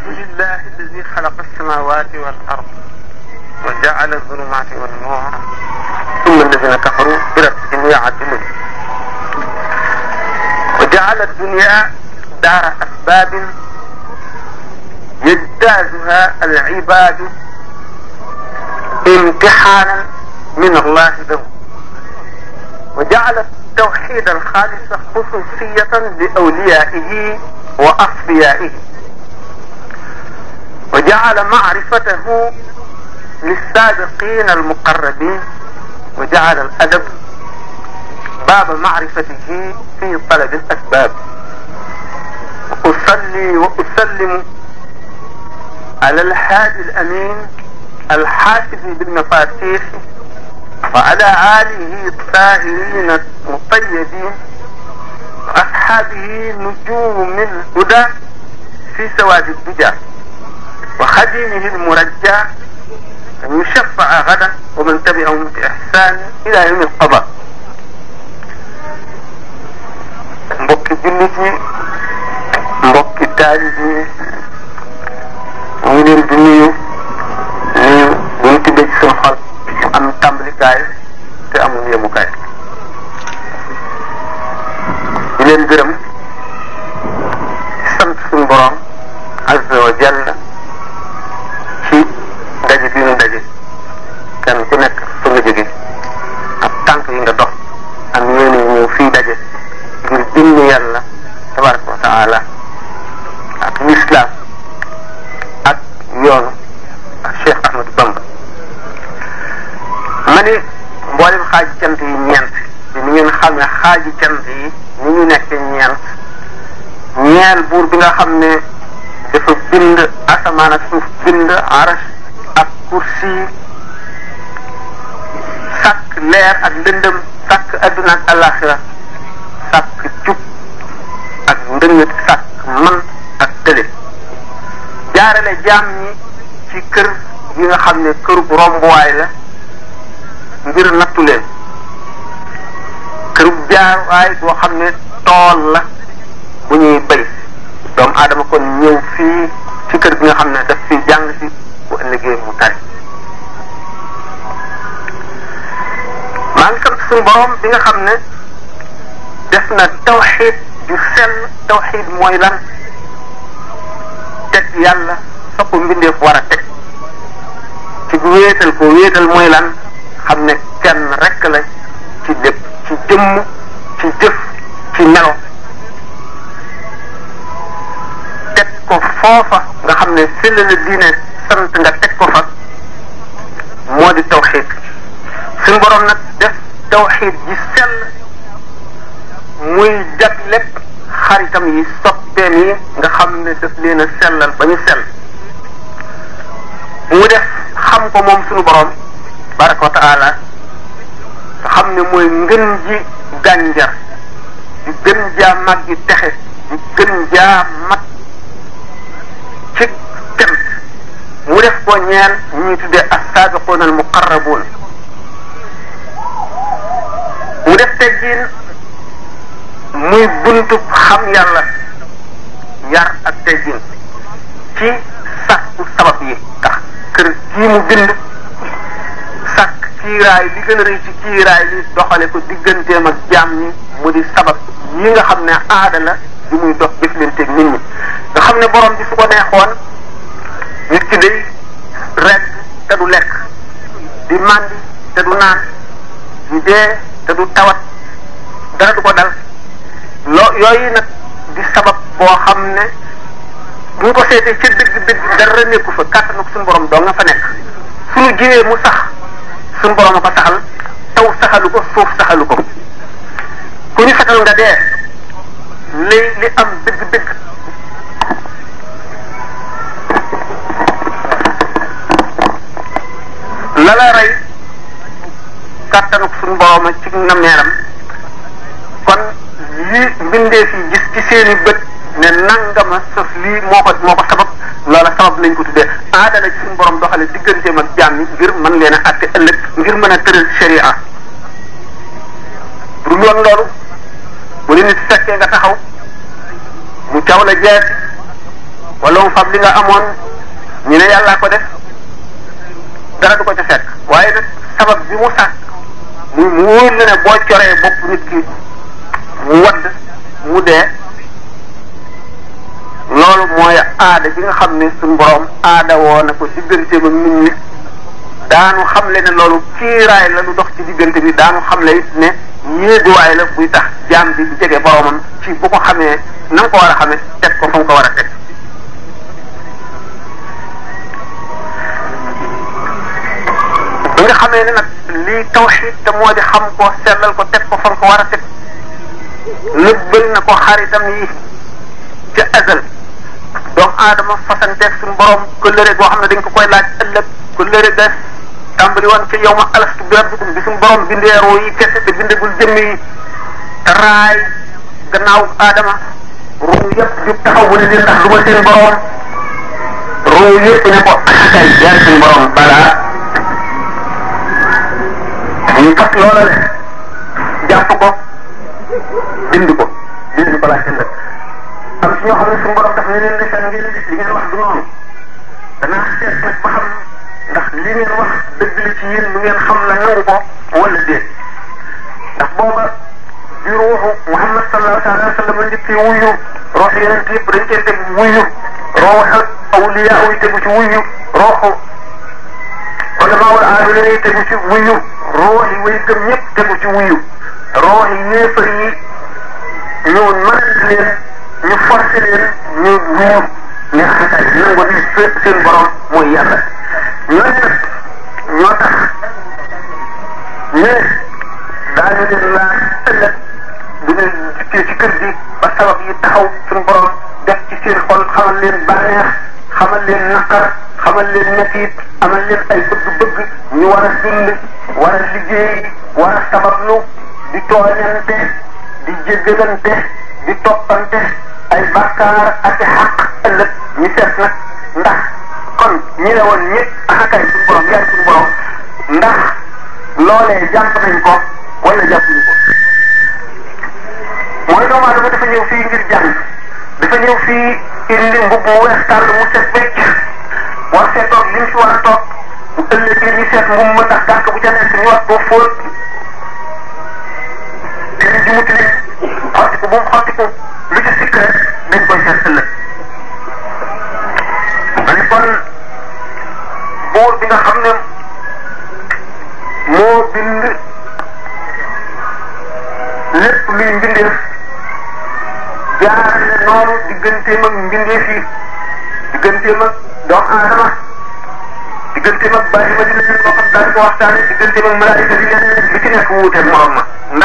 alhamdulilah alladi xalaqa alsamawati wal ard wa jaala alzulumati wan nuur summa alladina kafaru bi rabbihim yaadilun wa jaala addunya daara asbabin يجتازها العباد امتحانا من الله له وجعل التوحيد الخالص خصوصية لأوليائه وأصفيائه wa jaala maarifatahu lissaabiqina almuqarrabin wa jaala al adab baaba maarifatihi fi talabi al asbab wa usalli wa usallimu ala alhaadi al amin alxaasibi bilmafatix wa ala alihi tahirina mutayibin wa asxaabihi nujumu min huda fi sawaadi duja wa xadimihi almurajja an yushafaa gadan wa man tabiahum bi ihsani ila yawmi alqada mbokki jullit yi mbokki taalib yi ñu ngi leen di nuyu nuyu bu ñu tibbee ci suñu xol mu am tàmbalikaay te amul yemukaay di leen gërëm sant suñu borom azza wa jalla kenn ku nekk fu nga jóge ak tànk yi nga dox am yéene ñëw fii daje ngir dimb yàlla tabaraka wa taala ak lislaam ak yoonu ak Cheikh Ahmadou Bamba ma ni mboolem xaaji yi ñeent bi ni ngeen xam yi ni ñu nekk ñeent ñeel buur bi nga xam ne dafa bind asamaan ak suuf bind arash ak kursi leer ak ndëndëm sàkk adduna ak àllaaxira sàkk jub ak ndëngët sàkk man ak tële jaarale jaam ñi ci kër yi nga xam ne kërub rombuwaay la ngir nattu leen kërub jaarwaay boo xam ne tool la bu ñuy bay doomu aadama kon ñëw fii ci kër gi nga xam ne suñu borom bi nga xam ne def na tawxid ju sell tawxid mooy lan teg yàlla sopp mbindeef war a teg ci wéetal ko wéetal mooy lan xam ne kenn rekk la ci lépp ci jëmm ci jëf ci melo teg ko foofa nga xam ne sell la diine sant nga teg ko fa moo di tawxid suñu borom nag tawxiid ji sell muy jag lépp xaritam yi soppeem yi nga xam ne daf leen a sellal ba ñu mu def xam ko moom suñu borom baraka wa taala nga xam ne muy ngën ji gànjar di gën jaa mag yi texe di gën jaa mat ci tem mu def ko ñeen ñuy tuddee as-saabiquuna al-muqarrabuun def teggin muy buntub xam la yar ak teggin ci sàkku sabab yi tax kër gii mu bind sàkk kiiraay li gën a ci kiiraay li doxale ko digganteem ak jaam ñi mu di sabab yi nga xam ne aada la di muy dox jëflanteeg nit ñi nga xam ne borom bi su ko neexoon nit ki day rekk te du lekk di màndi te du naan di dee te du tawat dara du ko dal loo yooyu nag di sabab boo xam ne bu ñu ko seetee ca dëgg dëgg dara nekku fa kàttanu suñu borom doo nga fa nekk suñu jiwee mu sax suñu borom a fa saxal taw saxalu ko suuf saxalu ko ku ñu saxal nga dee li li am dëgg dëgg la rey kàttanuk suñu borom ak ci nameeram kon li mbindeef yi gis ci seeni bët ne nangama sos lii moo ko moo ko sabab loola sabab lañ ko tuddee aada la ci suñu borom doxale digganteem ak jaam ngir mën leen a àtte ëllëg ngir mën a tëral sharia bu dul woon loolu bu li nit fekkee nga taxaw mu caw la jeex wala mu fab li nga amoon ñu ne yàllaa ko def dara du ko ca fekk waaye nag sabab bi mu sàkk mu mu wóor na ne boo coree bopp nit ki mu wadd mu dee loolu mooy aada bi nga xam ne suñ borom aada woo na ko diggante ba nit ñi daanu xamle ne loolu kiiraay la lu dox ci diggante bi daanu xamle it ne yéeguwaay la buy tax jaam bi di jege boromam ci bu ko xamee na nga ko war a xamee teg ko fa nga ko war a teg bi nga xamee ne nag lii tawxiid te moo di xam ko sellal ko teg ko fan ko war a na ko xaritam yi ca azal doomu aadama fasanteeg suñu borom kóllëre goo xam ne dañ ko koy laaj ëllëg kóllëre ga tàmbali woon ca yow ma alastu bi rabbikum bi suñu borom bindeeroo yi kese te bindagul jëmm raay gannaaw aadama ruu yëpp jub taxaw wala li ndax du ma seen borom ruu yëpp ne ko akay yaay suñu borom balaa loola le jàpp ko bind ko bind ko laaj ëllëg am si ñoo xam ne suñu borom daf ne leen di seen ngeen li ngeen wax du noonu danaa seet nag ba xam ndax li ngeen wax dëgg li ci yéen lu ngeen xam la nangu ko wala déet ndax booba di ruuxu Muhammad sallallahu alayhi wa sallam njëkk ci wuyu roox yeneen yëpp dañ cee teg wuyu rooxu awliyaa yi tegu ci wuyu rooxu xulafaawul aadina yi tegu ci wuyu roox yi way gëm ñëpp tegu ci wuyu roox yi yéefar yi ñu mën leen ñu forcé leen ñu wuyu ne xasal nangu ni seen borom mooy yàlla ñooñu nag ñoo tax mais daañu leen laaj ëllëg bu ñu jikkee ci kër gi ba sabab yi taxaw suñu borom def ci seen xol xamal leen bànneex xamal leen naqar xamal leen ñettiit amal leen ay bëgg-bëgg ñu war a dund a liggéey war a sabablu di tooñante di jéggalante di toppante ay bàkkaar ak i xaq ëllëg ñu seet nag ndax kon ñi ne woon ñëpp akakay ah suñu borom yaay suñu ndax loolee jàpp nañ ko wala jàppuñu ko mooy doomu aadama dafa ñëw fii ngir jàng dafa ñëw fii indi mbubb mu weex tàll mu set wecc war see toog li mu si war a toog bu ëllëgee ñu seet mbubb ma ndax gàkk bu ca nekk ñu war koo fóot te li ji mu tilim xottiku bu mu xottiku lu ci sikk rek nañ koy seet ëllëg bi nga xam ne moo bind lépp luy mbindeef jaarale noonu digganteem ak mbindeef yi digganteem ak doomu aadama digganteem ak bàyyi ma dina leen boppam daal di ko ak malaayika di nekk wuuteeg yi ak ak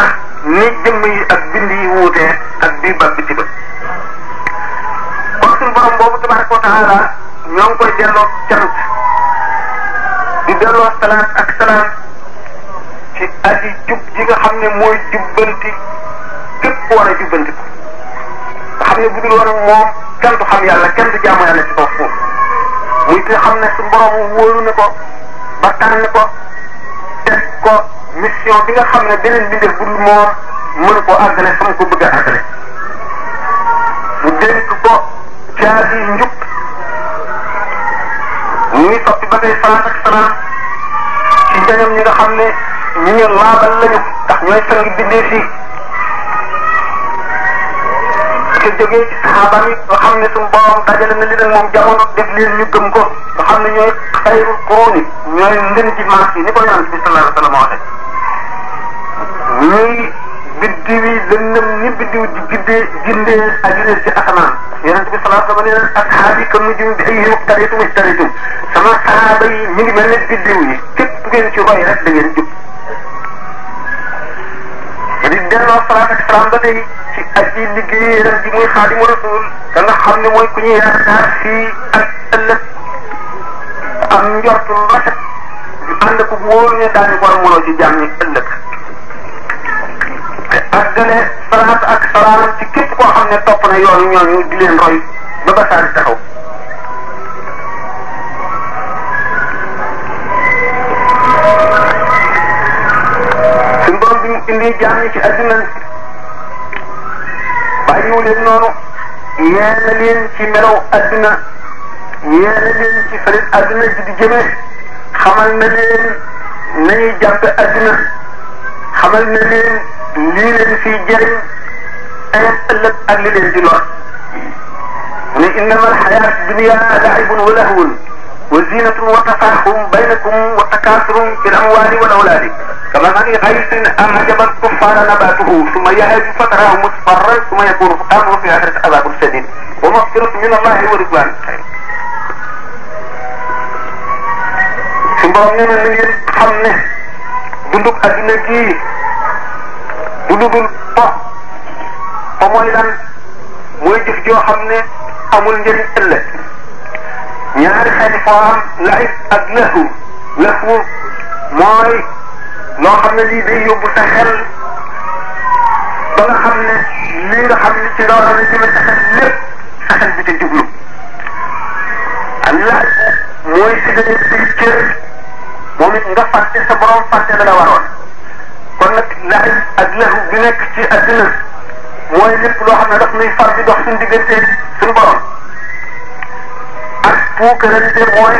nga xam ne mooy jubbanti képp war jubbanti ko xam ne bu dul moom kenn du xam yàlla kenn du jaamu yàlla xam ne su borom wóolu na ko ba tànn ko teg ko mission bi nga xam ne beneen mbindeef bu dul moom ko àggale sama ko bëgg a àggale mu dénk ko jaasi njub ñu ngi soppi ba tey salaat ak salaam ci ñeneen ñi nga xam ne ñu ñu laabal lañu ndax ñooy sang bindee fii ca jógee ci saxaabaam yi nga xam ne suñu borom dajale na li nag moom jamono def leen ñu gëm ko nga xam ne ñooy xayrul kuruuni ñooy ngën ci maas yi ni ko yonent bi sallallahu la wa sallam waxe ñuy biddiw yi di giddee gindee ajune ci asamaan yonent bi sallallahu alayhi wa sallam nee na asxaab yi ka nujum bi ay yëw taritum sama saxaaba yi ñu ngi mel ne biddiw yi képp ngeen ci roy rek da ngeen delloo salaat ak salaam ba tey ci aji liggéeyal ji muy xaadimu rasul da nga xam ne mooy ku ñu yaakaar fii ak ëllëg am njort lu rafet yu ànd ko wóor ne daañu ko amuloo ci jàmm ñi ëllëg te àggale salaat ak salaam ci képp koo xam ne topp na yoonu ñooñu di leen roy ba ba saari taxaw ñuy jaam ci àdduna bàyyiwu leen noonu yee na leen ci melaw àdduna yee na leen ci fa leen àdduna ji di jëmee xamal na leen nañuy jàppe àdduna xamal na leen lii leen fiy jëriñ ayat ëllëg ak li leen di lor ne innama alxayaat dunia laibun wa lahwun wa zinatun wa tafaxum baynakum wa takaasurun fi l amwaali wal awlaadi كمثل غيث أعجب الكفار نباته ثم يهج فتراه مصفرا ثم يكون أمره في آخرة عذاب شديد ومغفرة من الله ورضوان su borom nee na na ngeen xam ne dundub adduna gii du ludul po po mooy lan mooy jëf joo xam ne amul njëriñ ëllëg ñaari xeeti foo am laif ak lëxu lëxu mooy loo xam ne lii day yóbbu sa xel ba nga xam ne lii xam ne ci loo xam ne jëme sa xel lépp sa bi ca jublu Allah mooy si dañuy say cër moom it nga fàtte sa borom fàtte la la waroon kon nag laaj ak bi nekk ci adduna mooy lépp loo xam ne daf nuy far di dox suñu diggante suñu borom ak puukarante mooy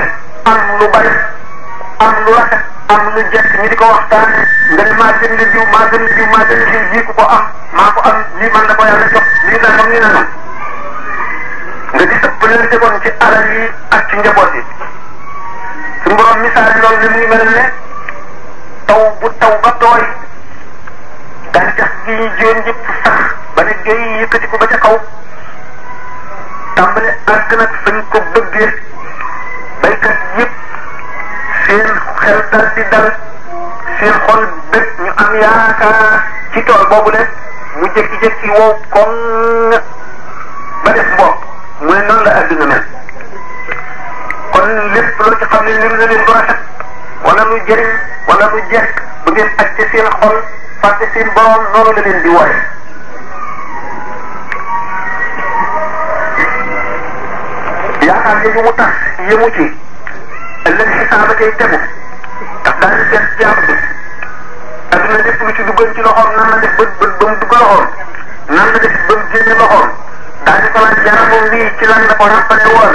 am lu bari am lu rafet am lu jekk ñi di ko waxtaan nga ne maa gën la jiw maa gën la jiw maa gën la jiw lii ku ko am maa ko am lii man la ko yàlla jox lii nangam lii nangam nga di ëppalante kon ci alal yi ak ci njaboot yi suñu borom misaal loolu li mu ngi mel ne taw bu taw ba tooy gàncax gi ñu jiwoon yëpp sax ba ne géey yëkkati ko ba ca kaw tàmbale àgg nag fañ ko xel dal di dal seen xol bët ñu am yaakaar ci tool boobu le mu jékki-jékki wow koŋ ba def bopp mu ne noonu la àdduna mel kon lépp loo ci xam ne niru leen du rafet wala lu jëriñ wala lu jekk bu ngeen acce seen xol fàtte seen borom noonu la leen di wooye yaakaar ne ñu mu tax yëmu ci ëllëg xisaaba tey tegu daan def jaam bi ak na lépp lu ci duggoon ci loxoom nan la def ba ba mu dugg loxoom nan la def ba mu génne loxoom daal ko laaj yaramam lii la ko ràppale a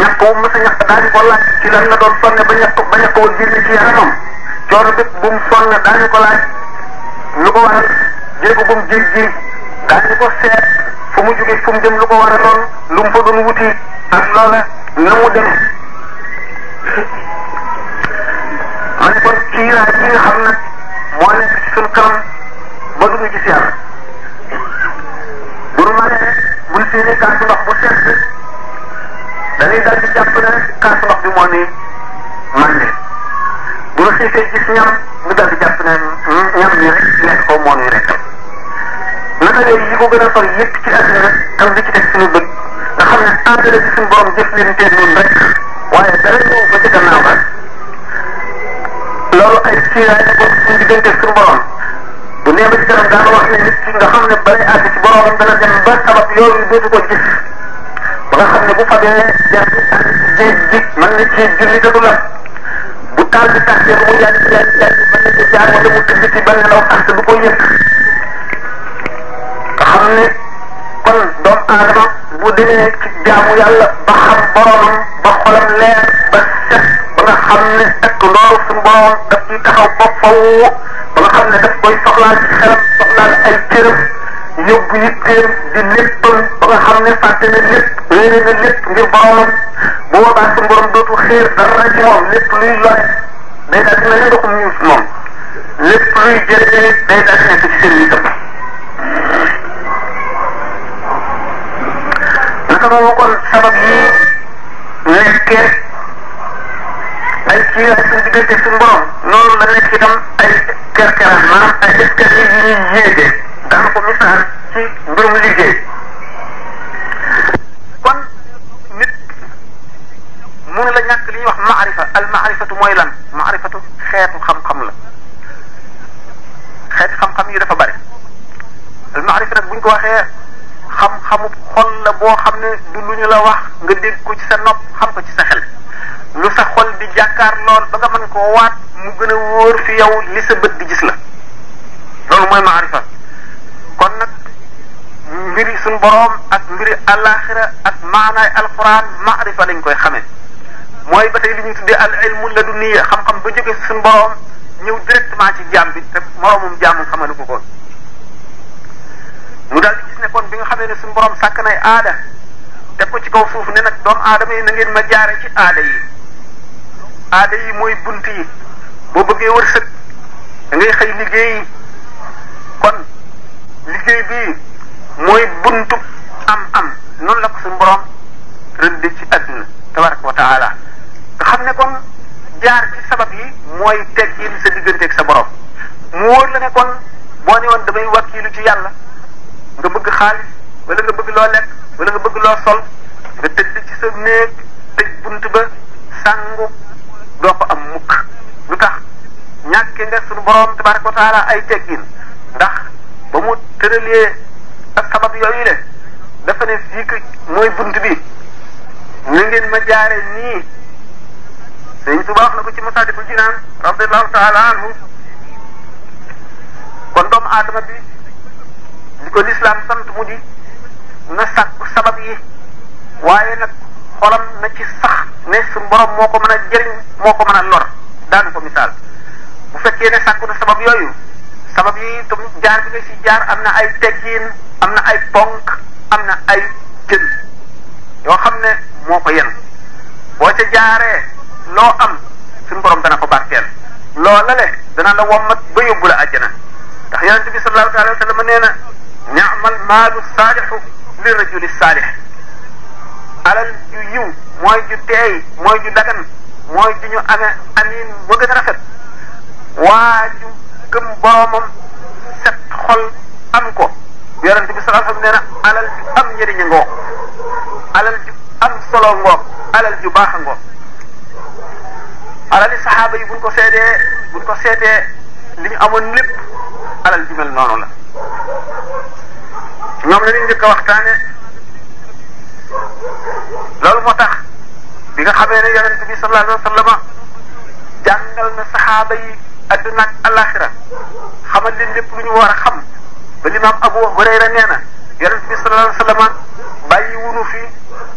ñàkk doon sonne ba ñàkk ba ñàkk woon génne ci yaramam coono bépp bu mu sonne daal di ko lu ko waral jéego bu mu jéggi daal di ko seet fu mu jógee fu mu wuti ak loola na mu dem. jotaay bi nga xam nag moo nekk ci suñ kanam ba dugg ci seer bu nu mënee rek buñ séenee kaasu ndox bu sedd dañuy dal di jàpp ne kaasu ndox bi moo ni màndi bu nu xiifee gis ñam ñu dal di jàpp ne ñam ni rek lekk ko moo nuy rek naka yooyu yi ko gën a far yëpp ci àddina rek tam ci teg suñu bët nga xam ne àddina ci suñu borom jëf leen teel noonu waaye dara ñëw ba ci gannaaw rek loolu ay siiwaay la bokk suñu diggante suñu borom bu nee ba ci kanam daan wax ne nit ki nga xam ne balay àgg ci boromam dana dem ba sabab yooyu dootu ko gis ba nga xam ne bu fagee dem géej gi mën na ci julli te du la bu taal bi tàkkee ba mu yàgg yàgg yàgg mën na ci jaar wala mu tëdd ci benn law sax te du ko yëg nga xam ne kon doomu aadama bu demee ci jaamu yàlla ba xam boromam ba xolam leer ba set xam ne takk loolu suñu borom daf ciy taxaw ba faw ba nga xam ne daf koy soxlaal ci xelam soxlaal ay cëram yóbbu yitteem di léppal ba nga xam ne fàtte na lépp réere na lépp ngir boromam bu boobaa suñu borom dootul xéer dara ci moom lépp luy lore day daal dina leen doxum ñuus moom lépp luy jëriñ day daal di nekk ci est-ce ko misaal ci mbirum liggéey kon nit mënu la ñàkk li ñuy wax maarifa al mooy lan maarifatu xeetu xam-xam la xeeti xam-xam yi dafa bari al maarifa nag bu ñu ko waxee xam-xamu xol la boo xam ne du lu ñu la wax nga dégg ko ci sa nopp xam ko ci sa xel lu sa xol di jàkkaar lool ba nga mën koo waat mu gën a wóor fi yow li sa bët di gis la loolu mooy maarifa kon nag mbiri suñ boroom ak mbiri alaxira ak maanaay alquran maarifa lañ koy xamee mooy ba tey li ñuy tuddee al ilmu laduniya xam-xam ba jóge suñ boroom ñëw directement ci jaam bi te moroomum jaamam xamanu ko kon mu daal di gis ne kon bi nga xamee ne suñ boroom sàkk nay aada teg ko ci kaw suuf ne nag doomu aadama yi na ngeen ma jaare ci aada yi aada yi mooy bunt yi boo bëggee wërsëg ngay xëy liggéey kon liggéey bii mooy buntu am-am noonu la ko suñu borom rëdd ci àdduna tabaraka wa nga xam ne kon jaar ci sabab yi mooy teggin sa digganteeg sa borom mu wóor la ne kon boo ne woon damay wakkiilu ci yàlla nga bëgg xaalis wala nga bëgg loo lekk wala nga bëgg loo sol nga tëdd ci sa néeg tëj bunt ba sangu doo ko am mukk lu tax ñàkke nga suñu borom tabaraka wa ay teggin ndax ba mu tëralee ak sabab yooyu le dafa ne sikk mooy bunt bi ñu ngeen ma jaare nii sëñ Tuba wax na ko ci Masalikul Jinaan radiyallahu taala anhu kon doomu aadama bi li ko lislaam sant mu di na sàkku sabab yi waaye na xolam na ci sax ne suñu moo ko mën a moo ko mën a lor daan ko misaal bu fekkee ne sàkku na sabab yooyu sabab yi itam jaar bi nga jaar am na ay teggiin am na ay ponk am na ay jën yoo xam ne moo ko yen boo ca jaaree loo am suñu borom dana ko barkeel loola le dana la wommat ba yóbbu la àjjana ndax na ni'mal maalu saalihu amin ba gën a rafet waa ju gëm boromam set xol am ko bi sallallahu alayhi wa sallam alal am njëriñ ngoog alal ju am solo ngoog alal ju baax ngoog alali saxaaba yi ko seedee buñ ko seetee li ñu amoon lépp alal ju mel noonu la ñoom la ñu njëkk a waxtaane loolu moo tax bi nga xamee ne yonent bi sallallahu alayhi wa na saxaaba adduna ak xamal leen lépp lu ñu war a xam ba limaam Abu Hurayra nee na bi sallallahu alayhi wa sallam wunu fi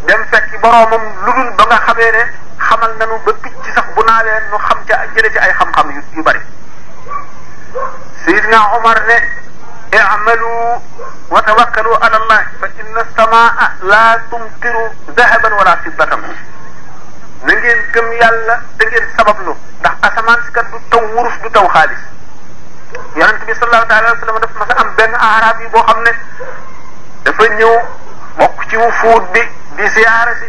dem fekki boroomam lu dul ba nga xamee ne xamal nañu ba picc sax bu naa leen nu xam ca jële ci ay xam-xam yu yu bari Seydina Omar ne i'malu wa tawakkalu ala fa inna samaa la tumtiru dahaban wala fiddatan na ngeen gëm yàlla da ngeen sabablu ndax asamaan si kat du taw wurus du taw xaalis yonent bi sallallahu taala wa sallam a am benn arab yi boo xam ne dafa ñëw bokk ci wu fuut bi di ziyaara si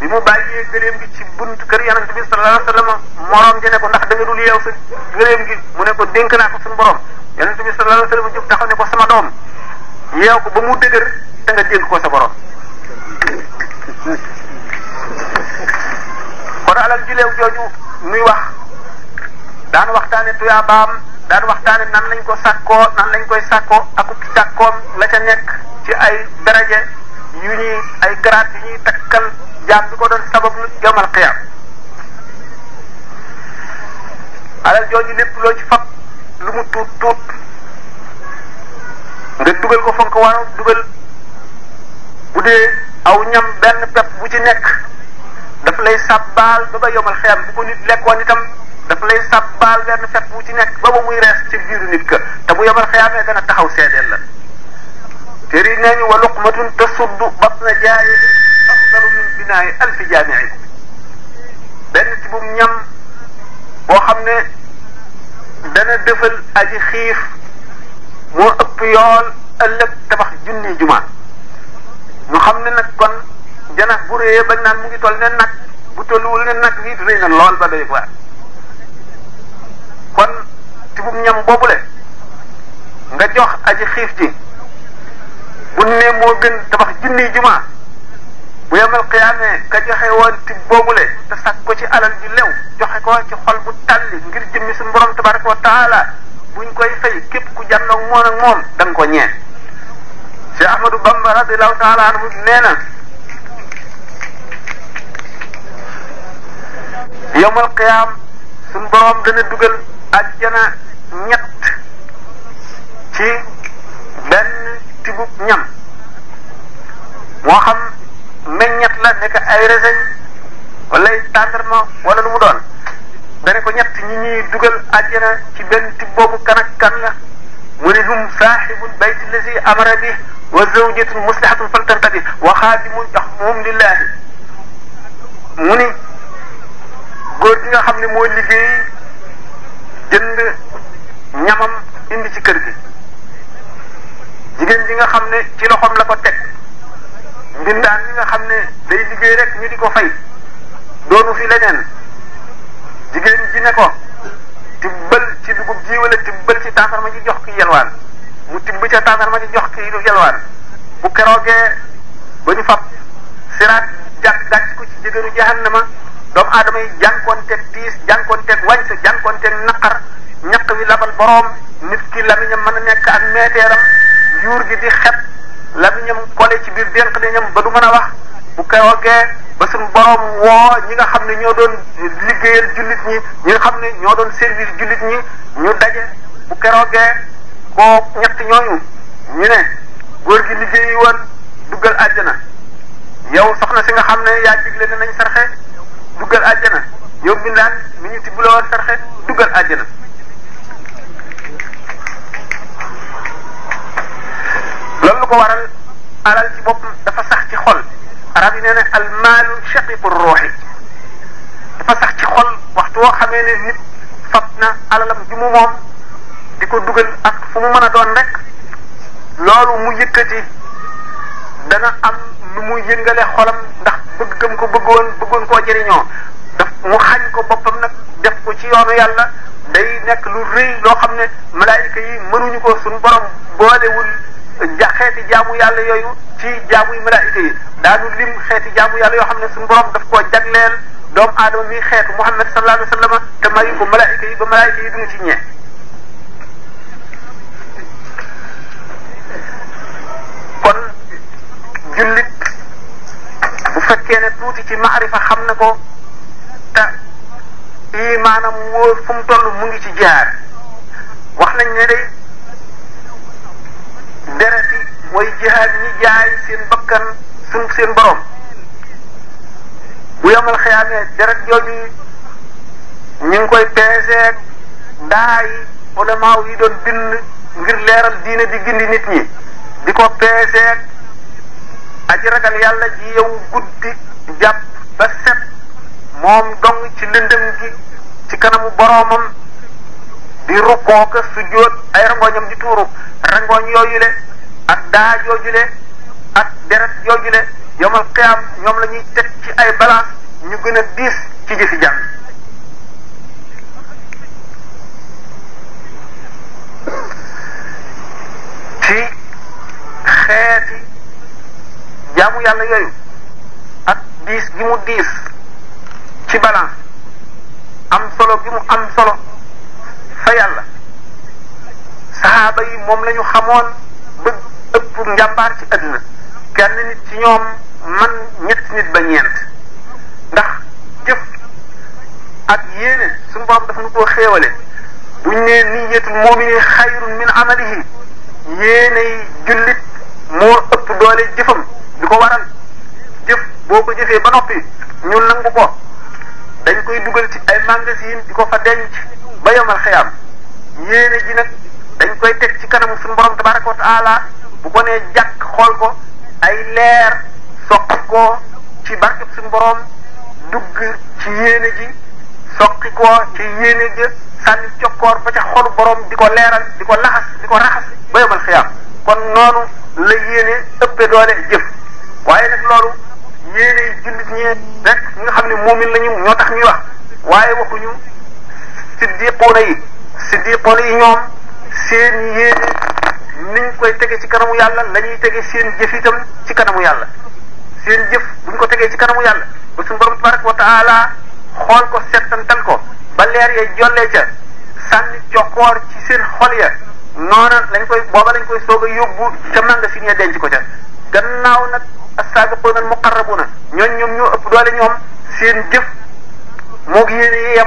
bi mu bàyyee gëléem gi ci bunt kër yonent bi sallallahu alayhi wa ko ndax da nga dul sa gëléem gi mu ne ko dénk naa ko suñu borom yonent bi sallallahu ne ko sama doom yeew ko ba mu dëgër danga nga dénk ko sa boroom néew jooju nuy wax daan waxtaan tuyaabaam daan waxtaane nan lañ ko sàkkoo nan lañ koy sàkkoo la ca nekk ci ay daraje yu ñuy ay garaat yu ñuy takkal jaam bi ko doon sabab lu yomal xiyaam alal jooju lépp loo ci fab lu mu tuut tuut nga dugal ko fa nga ko waroon dugal ba ba yomal xeem bu ko nit lekkoon itam dafa lay sàbbaal benn fet bu ci nekk ba ba muy rees ci biiru nit ka te bu yomal xeyaamee dana taxaw seedeel la te rii nañu wa luqmatun tasuddu batna jaayi afdalu min binaayi alfi benn ci ñam boo xam ne dana dëfal aji xiif moo ëpp yool ëllëg tabax junni jumaa ñu xam ne nag kon janax bu réyee bañ naan mu ngi toll ne nag bu tolluwul ne nag wi rëy na lool ba doy waar kon ci bum ñam boobule nga jox aji xiif ji bu ne moo gën tabax junniy jumaa bu yemal xiyaamee ka joxe woon ci boobule te sàkk ko ci alal ju lew joxe ko ci xol bu tàlli ngir jëmmi suñu borom tabaraka wa buñ koy fay képp ku jànnoog moom ak moom ko ñee Cheikh Ahmadou Bamba radiallahu taala anhu nee na yowmal qiyaam suñ boroom dana dugal ajjana ñett ci benn tibub ñam moo xam meññet la nekk ay reseñ wala ay tàndarma wala lu mu doon dana ko ñett ñi ñuy dugal ajjana ci benn tib boobu kan ak kan la mu ne hum saaxibul bayti lazi amara bi wa zawjatun muslihatun faltantabi wa xaadimun yaxmuhum lillahi ne moo liggéey jënd ñamam indi ci kër gi jigéen ji nga xam ne ci loxoom la ko teg mbindaan li nga xam ne day liggéey rek ñu di ko fay doonu fi leneen jigéen ji ne ko tibbal ci dugub ji wala tibbal ci taasarma ji jox ki yelwaan mu tibb ca taasarma ji jox ki yelwaan bu keroogee ba ñu fab siraat jàkk gàcc ko ci jëgëru jahannama doomu aadama yi jànkoonteeg tiis jànkoonteeg wàññi jànkoonteeg naqar ñaq wi labal boroom nit ki lamiñam mën a nekk ak meeteeram yuur gi di xet lamiñam kole ci biir dénk nañam ba du mën a wax bu ko woggee ba suñu boroom woo ñi nga xam ne ñoo doon liggéeyal jullit ñi ñi nga xam ne ñoo doon servir jullit ñi ñu daje bu ko woggee boo ñett ñooñu ñu ne góor gi liggéeyi woon duggal àjjana yow soxna si nga xam ne yaa digle ne nañ sarxe duggal àjjana yow mbindaan mi ñu tibb la woon sarxe duggal àjjana loolu lu ko waral alal ci dafa sax ci xol arab yi nee na almaalu shaqiqu ruuxi dafa sax ci xol waxtu woo xamee ne nit fab na alalam di ko dugal ak fu mu mën a doon rek loolu mu yëkkati dana am lu mu yëngale xolam ndax bëggam ko bëggoon bëggoon koo jëriñoo daf mu xañ ko boppam nag def ko ci yoonu yàlla day nekk lu rëy loo xam ne malaayika yi mënuñu ko suñu borom boolewul ja xeeti jaabu yàlla yooyu ci jaamuy malaayika yi daanu lim xeeti jaamu yàlla yoo xam ne suñu borom daf koo jagleel doomu aadama mi xeetu Muhammad sallallahu alayhi wa sallam te mayu ko malaayika yi ba malaayika yi duñu ci ñee keneen tuuti ci maarifa xam na ko te yii maanaam wóor fu mu toll mu ngi ci jaar wax nañ ne dereti mooy jihaad ñi jaay seen bakkan suñ seen borom bu yomal xiyaamee deret jooju ñu ngi koy peeseeg daay ulamaaw yi doon bind ngir leeral diine bi gindi nit ñi di ko peeseeg aji ragal yàlla ji yow guddi jàpp ba set moom dong ci lëndëm gi ci kanamu boroomam di rukkoo ka sujjóot ay rangooñam di tuuru rangooñ yooyu ak daa jooju le ak deret jooju yomal xiyaam ñoom la teg ci ay balance ñu gën a diis ci jëfi jàmm ci xeeti jaamu yàlla yooyu ak diis gi mu diis ci balance am solo gi mu am solo fa yàlla saxaaba yi moom lañu xamoon ba ëpp njàmbaar ci àdduna kenn nit ci ñoom man ñetti nit ba ñeent ndax jëf ak yéene suñu borom dafa nu koo xéewale buñ nee niyatul mu'mini xayrun min amalihi yéene yi jullit moo ëpp doole jëfam di ko waral jëf boo ko jëfee ba noppi ñu nangu ko dañ koy dugal ci ay magasin di ko fa denc ba yomal xiyam yéene ji nag dañ koy teg ci kanamu suñu borom tabaraka wa taala bu ko nee jàkk xool ko ay leer soqi ko ci barkeb suñu borom dugg ci yéene ji soqi ko ci yéene ji sànni cokkoor ba ca xolu borom di ko leeral di ko laxas di ko raxas ba yomal xiyam kon noonu la yéene ëppee doole jëf waaye nag loolu ñeeneen jullit ñee rek nga xam ne muumin lañu ñoo tax ñuy wax waaye waxuñu siddiqoona yi siddiqoona yi ñoom seen yéene niñ koy tegee ci kanamu yàlla la ñuy tege seen jëf tam ci kanamu yàlla seen jëf buñ ko tegee ci kanamu yàlla ba suñu borom tabaraka wa taala xool ko settantal ko ba leer ya jollee ca sànni cokoor ci seen xol ya noona lañ koy booba lañ koy soog a yóbbu ca manga fi ñee denc ko ca gannaaw nag as-saabiquuna al-muqarrabuuna ñooñ ñoom ñoo ëpp doole ñoom seen jëf moog yéen yi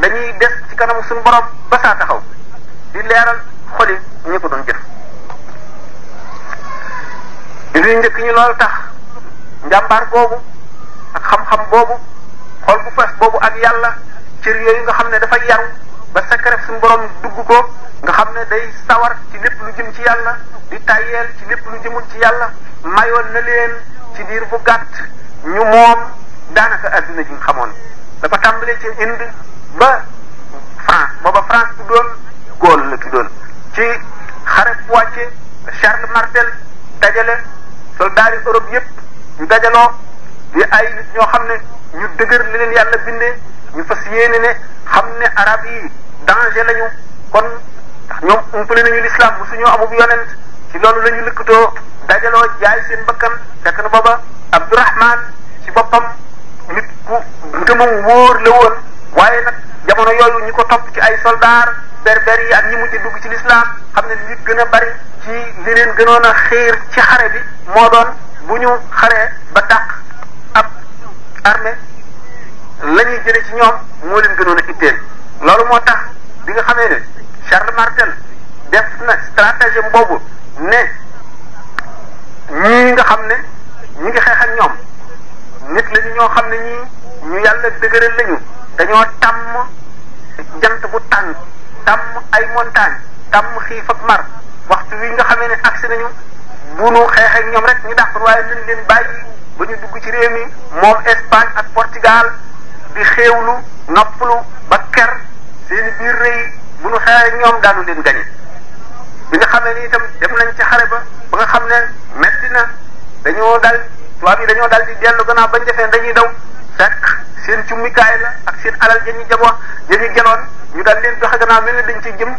dañuy des ci kanamu suñu borom ba saa taxaw di leeral xoli ñi ko doon jëf li njëkk ñi loolu tax njàmbaar boobu ak xam-xam boobu xol bu fees boobu ak yàlla cër yooyu nga xam ne dafa yaru ba secret suñu borom dugg ko nga xam ne day sawar ci lépp lu jëm ci yàlla di tayeel ci lépp lu jëmul ci yàlla mayoon na leen ci diir bu gàtt ñu moom daanaka adduna ji nga xamoon dafa tàmbalee ci Inde ba France booba France bu doon góol la ci xare Poitiers Charles Martel dajale soldat yi Europe yépp ñu dajaloo di ay nit ñoo xam ne ñu dëgër leen yàlla bindee ñu fas yéene ne xam ne arab yi danger lañu kon ndax ñoom umpale nañu l'islam bu suñu amub yonent ci loolu la ñu lëkkatoo dajaloo jaay seen bakkan fekk na booba Abdourahman ci boppam nit ku ngëmam wóor la woon waaye nag jamono yooyu ñu ko topp ci ay soldaar berber yi ak ñi mujj dugg ci lislaam xam ne li gën a bari ci li leen gënoon a xiir ci xare bi moo doon bu ñu xaree ba dàq ab armée la ñuy jële ci ñoom moo leen gënoon a loolu moo tax bi nga xamee ne Charles Martel def na stratagème boobu ne ñoo xam ne ñii ñu yàlla dëgëral lañu dañoo tàmm jant bu tàng tàmm ay montagne tàmm xiif ak mar waxtu wi nga xamee ne agsi nañu bu nu xeex ak ñoom rek ñu dàq waaye nañ leen bàyyi ba ñu dugg ci réew mi moom Espagne ak Portugal di xéewlu noppalu ba ker seen biir rëy bu nu xeex ñoom daanu leen gañe bi nga xamee ni itam dem nañ ci xare ba ba nga xam ne metti na dañoo dal tubaab yi dañoo daal di dellu gannaaw bañ defee dañuy daw fekk seen cummikaay la ak seen alal ja ñu jaboo ja ñu genoon ñu daal leen doxe gannaaw mel ni dañ ci jëm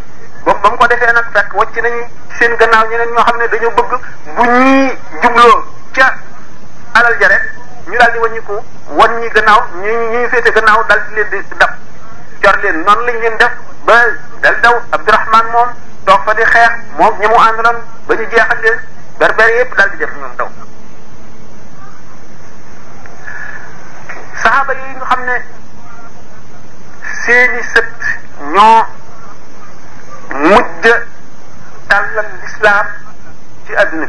boobu ba mu ko defee nag fekk wàcc nañu seen gannaaw neen ñoo xam ne dañoo bëgg bu ñuy jubloo ca alal ja rek ñu daal di wàññiku wan ñi gannaaw ñu ñuy féete gannaaw daal di leen di dab cor leen noonu lañ leen def ba dal daw Abdurahman moom toog fa di xeex moom ñi mu àndaloon ba ñu jeexal leen berber yépp daal di def ñoom daw saxaaba yooyu nga xam ne seeni sët ño mujj tàllal lislaam ci àdduna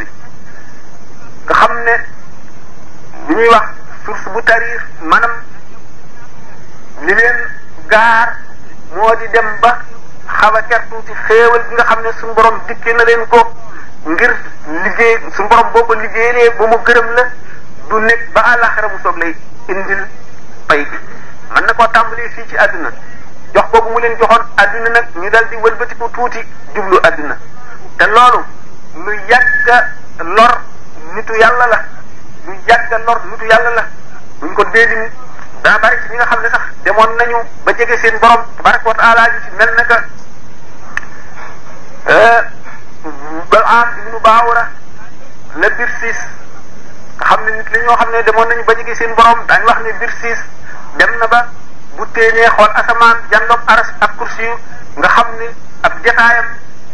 nga xam ne li ñuy wax source bu tarix maanaam li leen gaar moo di dem ba xaw a ci xéewal bi nga xam ne suñu borom dikkee na leen ko ngir liggéey suñu borom boo ko liggéeyee ba mu gërëm la du nekk ba àllaaxira mu soog lay indil pay bi na koo tàmbali fii ci àdduna jox boobu mu leen joxoon àdduna nag ñu dal di wëlbatiku tuuti jublu àdduna te loolu lu yàgg a lor nitu yàlla la lu yàgg a lor nitu yàlla la buñ ko déedéet daa bari ci ñi nga xam ne sax demoon nañu ba jege seen borom tabaraka wa taala ji ci mel na ka euh, Balaam ibnu Baawra la Birsiis nga xam ne nit li ñoo xam ne demoon nañu ba jege seen borom daañu wax ne Birsiis dem na ba bu téenee xool asamaan jàndoog aras ak kursi yu nga xam ni ab jotaayam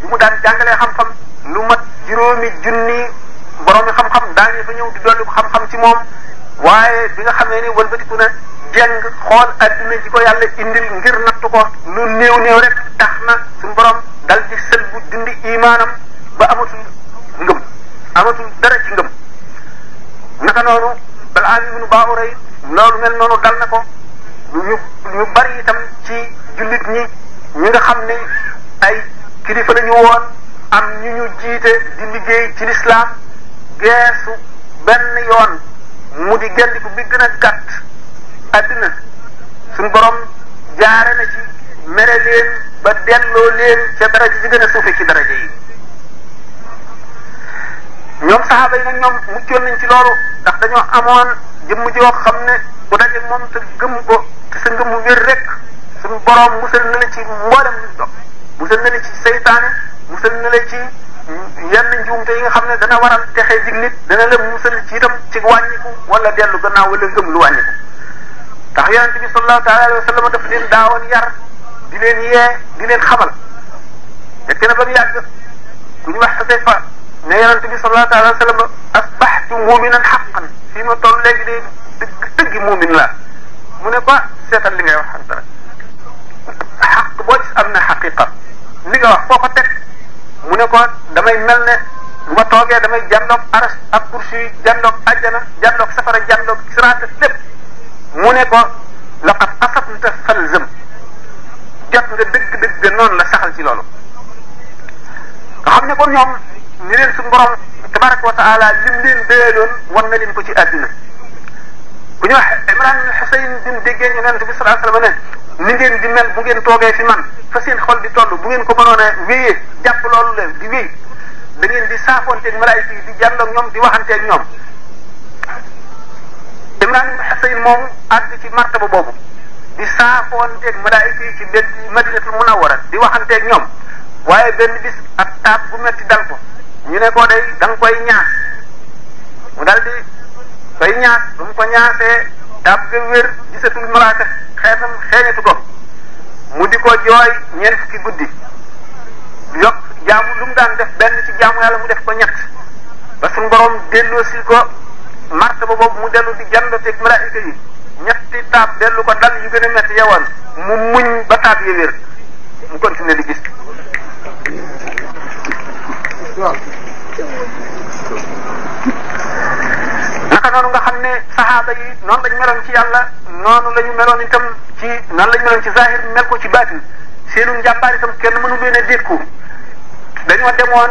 yu mu daan jàngalee xam-xam lu mat juróomi junni borom yi xam-xam daañu fa ñëw di dolli xam-xam ci moom waaye bi nga xamee ni wëlbatiku na jeng xool adduna ji ko yàlla indil ngir nattu ko new néew néew rek tax na suñu borom dal di sël bu dindi imaanam ba amatul ngëm amatul dara ci ngëm naka noonu bal aliminu baa uray loolu mel noonu dal na ko yu yu bari itam ci jullit ñi ñi nga xam ni ay kilifa lañu woon am ñu ñu jiite di liggéey ci lislaam geesu benn yoon mu di gendiku bi gën a gàtt àddina suñ borom jaare na ci mere leen ba delloo leen ca daraja ji gën a suufe ci daraja yi ñoom saxaaba yi nag ñoom muccoon nañ ci loolu ndax dañoo amoon jëmm joo xam ne bu dajeeg moom te gëm ko te sa ngëmu wér rek suñu borom musal na la moo mboolem li dox musal na la ci seytaane musal na la ci yenn njuumte yi nga xam ne dana waral texe jig nit dana mu musal ci itam ci wàññiku wala dellu gannaaw wala ngëm lu wàññiku tax yonente bi sallallahu taala alayhi wa sallam daf leen daawoon yar di leen yee di leen xamal te na ba mu yàgg ku ñu wax Xuseyfa ne yonente bi sallallahu alayhi wa sallam asbaxtu muuminan xaqan fii ma toll léegi de dëgg dëggi muumin laa mu ne ba seetal li ngay wax ak dara xaq boo gis am na xaqiqa li nga wax foo ko teg mu ne ko damay mel ne bu ma toogee damay jàndoog aras ak kursi jàndoog ajjana jàndoog safara jàndoog siraat lépp mu ne ko laqad asabta falzam jot nga dëgg-dëgg de noonu la saxal ci loolu nga xam ne kon ñoom ni leen suñu borom tabaraka wa taala lim leen déeloon war na leen ko ci àddina bu ñu wax imran xusayn bin déggee ñu nent bi salaa sallam ne ni ngeen di mel bu ngeen toogee fi man fa seen xol di toll bu ngeen ko mënoon a wéyee jàpp loolu leen di wéy da ngeen di saafonteeg malaayika yi di jàndoog ñoom di waxanteeg ñoom imran xusayn moomu àgg ci martaba boobu di saafonteeg malaayika yi ci benn madinatul munawwara di waxanteeg ñoom waaye benn bis ak taab bu metti dal ñu ne ko day da nga koy ñaas mu daal di koy ñaas ba mu ko ñaasee dab ga wér gisatul malaaka xeetam xeeñatu ko mu di ko jooy ñeent fukki guddi yokk jaamu lu mu daan def benn ci jaamu yàlla mu def ko ñett ba suñu borom delloosi ko ba boobu mu dellu di jandoteeg malaayika yi ñetti taab dellu ko dal yu gën a metti yowoon mu muñ ba taab yi mu continuer di gis lool naka noonu nga xam ne saxaaba yi noonu lañ meloon ci yàlla noonu la ñu meloon itam ci noonu la ñu meloon ci zahir mel ci baatin seenu njàmbaar itam kenn mënu leen a dékku dañoo demoon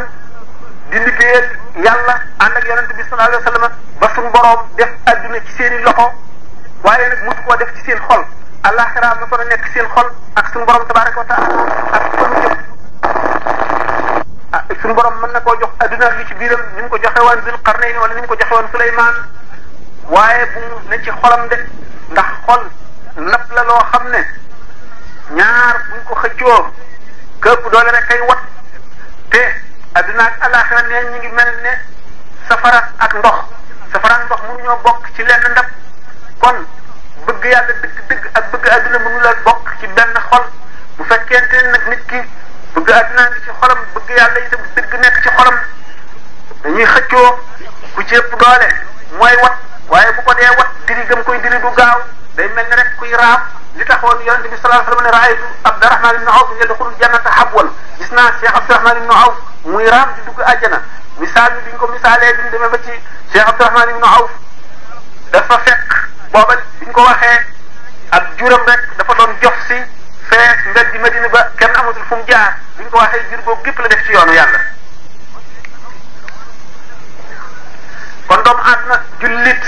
di liggéeyal yàlla ànd ak yonent bi sallallahu alayhi wa sallam ba suñu boroom def adduna ci seen i loxo waaye nag mosu koo def ci seen xol alaxira mosoon a nekk seen xol ak suñu boroom tabaraka ak suñu jëm ah suñu borom mën na koo jox adduna li ci biiram ni mu ko joxe woon Zul Qarnayn wala ni mu ko joxe woon Suleymaan waaye bu ne ci xolam de ndax xol ndab la loo xam ne ñaar buñ ko xëccoo képp doole rek kay wat te adduna ak alaxira nee ñu ngi mel ne safara ak ndox safara ak ndox mënuñoo bokk ci lenn ndab kon bëgg yàlla dëgg-dëgg ak bëgg adduna mënu la bokk ci benn xol bu fekkente ne nag nit bëgg àddina ngi ci xolam bëgg yàlla itam dëgg nekk ci xolam dañuy xëccoo ku ci ëpp doole mooy wat waaye bu ko dee wat diri gëm koy diri du gaaw day mel ne rek kuy raaf li taxoon yonente bi sallallahu alayhi wa sallam ne raaytu Abdurahman ibn Awf yadxulu jannata habwan gis naa Cheikh Abdurahman ibn Awf muy raaf di dugg àjjana misaal bi biñ ko misaalee biñ demee ba ci Cheikh Abdurahman ibn Awf dafa fekk biñ ko waxee ak juram rek dafa doon jox si. fees mbedd Madina ba kenn xamatul fu mu jaar bu ñu ko waxee jur boobu gépp la def ci yoonu yàlla kon doomu aadama jullit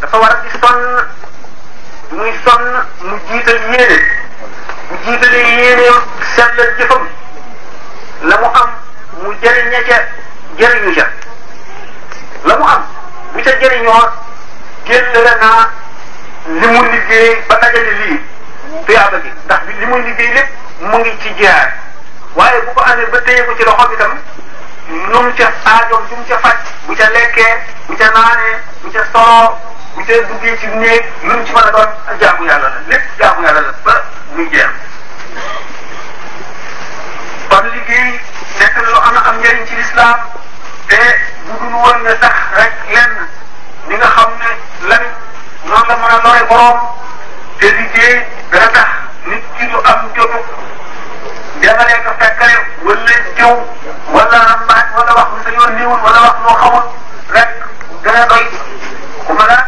dafa war di sonn muy sonn mu jiital yéene mu jiitalee yéeneem sellal jëfam la mu am mu jëriña ca jëriñu ca la mu am bu ca jëriñoo génn la naa li mu liggéey ba dajale lii tuyaaba gi ndax li muy liggéey lépp mu ngi ci jihaar waaye bu ko amee ba téye ci loxo bi tam lu mu ca aajoom lu mu ca faj bu ca lekkee bu ca naanee bu ca soroo bu ca duggee ci néeg lu mu ci mën a ak jaamu yàlla la lépp jaamu yàlla la ba muy jeex kon liggéey nekk na am na am njëriñ ci lislaam te bu dul ne sax rek lenn li xam ne lan noonu la mën a lore borom te dana tax nit ki du am jotu defalee ko fekkale wala jëw wala rambaaj wala wax lu sa yoon néewul wala wax loo xamul rek dana doy ku mën a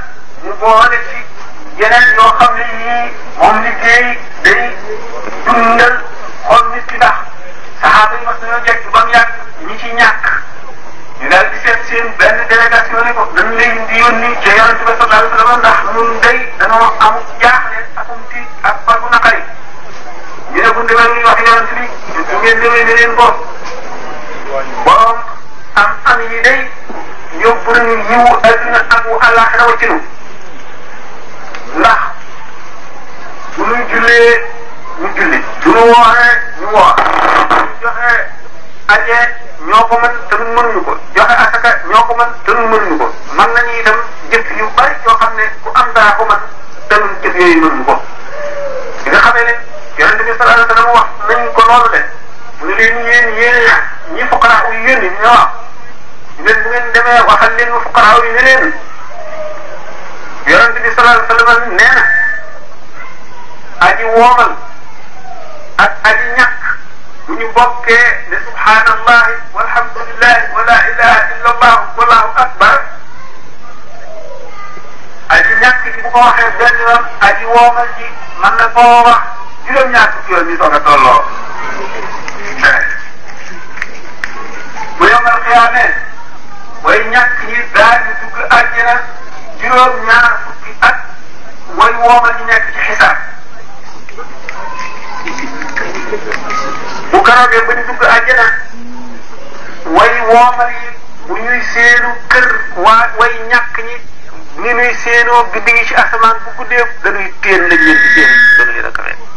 mu boole ci yeneen yoo xam ne yii moom liggéey day dundal xool nit yi mas nañoo jekk mu yàgg ñi ci ñàkk ñu daal di seet seen benn délégation ne ko dañ lay di yónni ca yonente ba sallallahu alayhi wa sallam ndax ñun day dañoo ak xol bu naqari ñu ne bu demee ñuy wax yonent bi ñu ngeen demee am am yi day yóbbu nañu yiwu adduna ak wu àllaaxira wa ci nu ne waxal leen mu fuqaraaw yi ne leen yonent bi sallallahu alayhi wa sallam nee na aji woomal ak aji ñàkk bu ñu bokkee ne subhaanallahi walhamdulillahi wa laa ilaha illa allah wallahu akbar aji ñàkk ji bu ko waxee benn yoon aji woomal ji mën na koo wax juróom-ñaar fukki yoon ñu soog a tolloo bu yomal xiyaamee way ñàkk yi daal di dugg àjjana juróom ñaar fukki at way wooma ñu nekk ci xisaab bu karoogee ba ñu dugg àjjana way wooma yi ñuy seenu kër waa way ñàkk ñi ni ñuy seenoo biddi gi ci asamaan bu guddee dañuy téen lañ leen di téen dañuy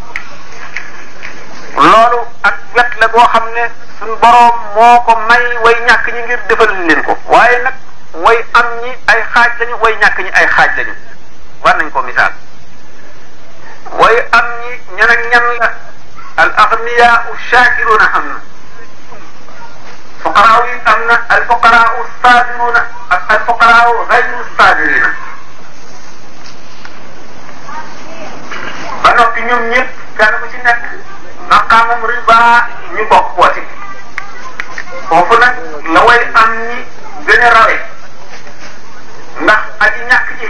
loolu ak wet la boo xam ne suñ boroom moo ko may way ñàkk ñi ngir defal leen ko waaye nag way am ñi ay xaaj lañu way ñàkk ñi ay xaaj lañu war nañ ko misaal way am ñi ñan ñan la al u shaakiruna na fuqaraa yi am na al fuqaraa u saabiruna ak al fuqaraa u gayru saabirina ba noppi ñoom ñëpp kenn ku ci maqaamam riba ñu bokk pooti foofu nag la way am ñi gën a rawe ndax aji ñàkk ji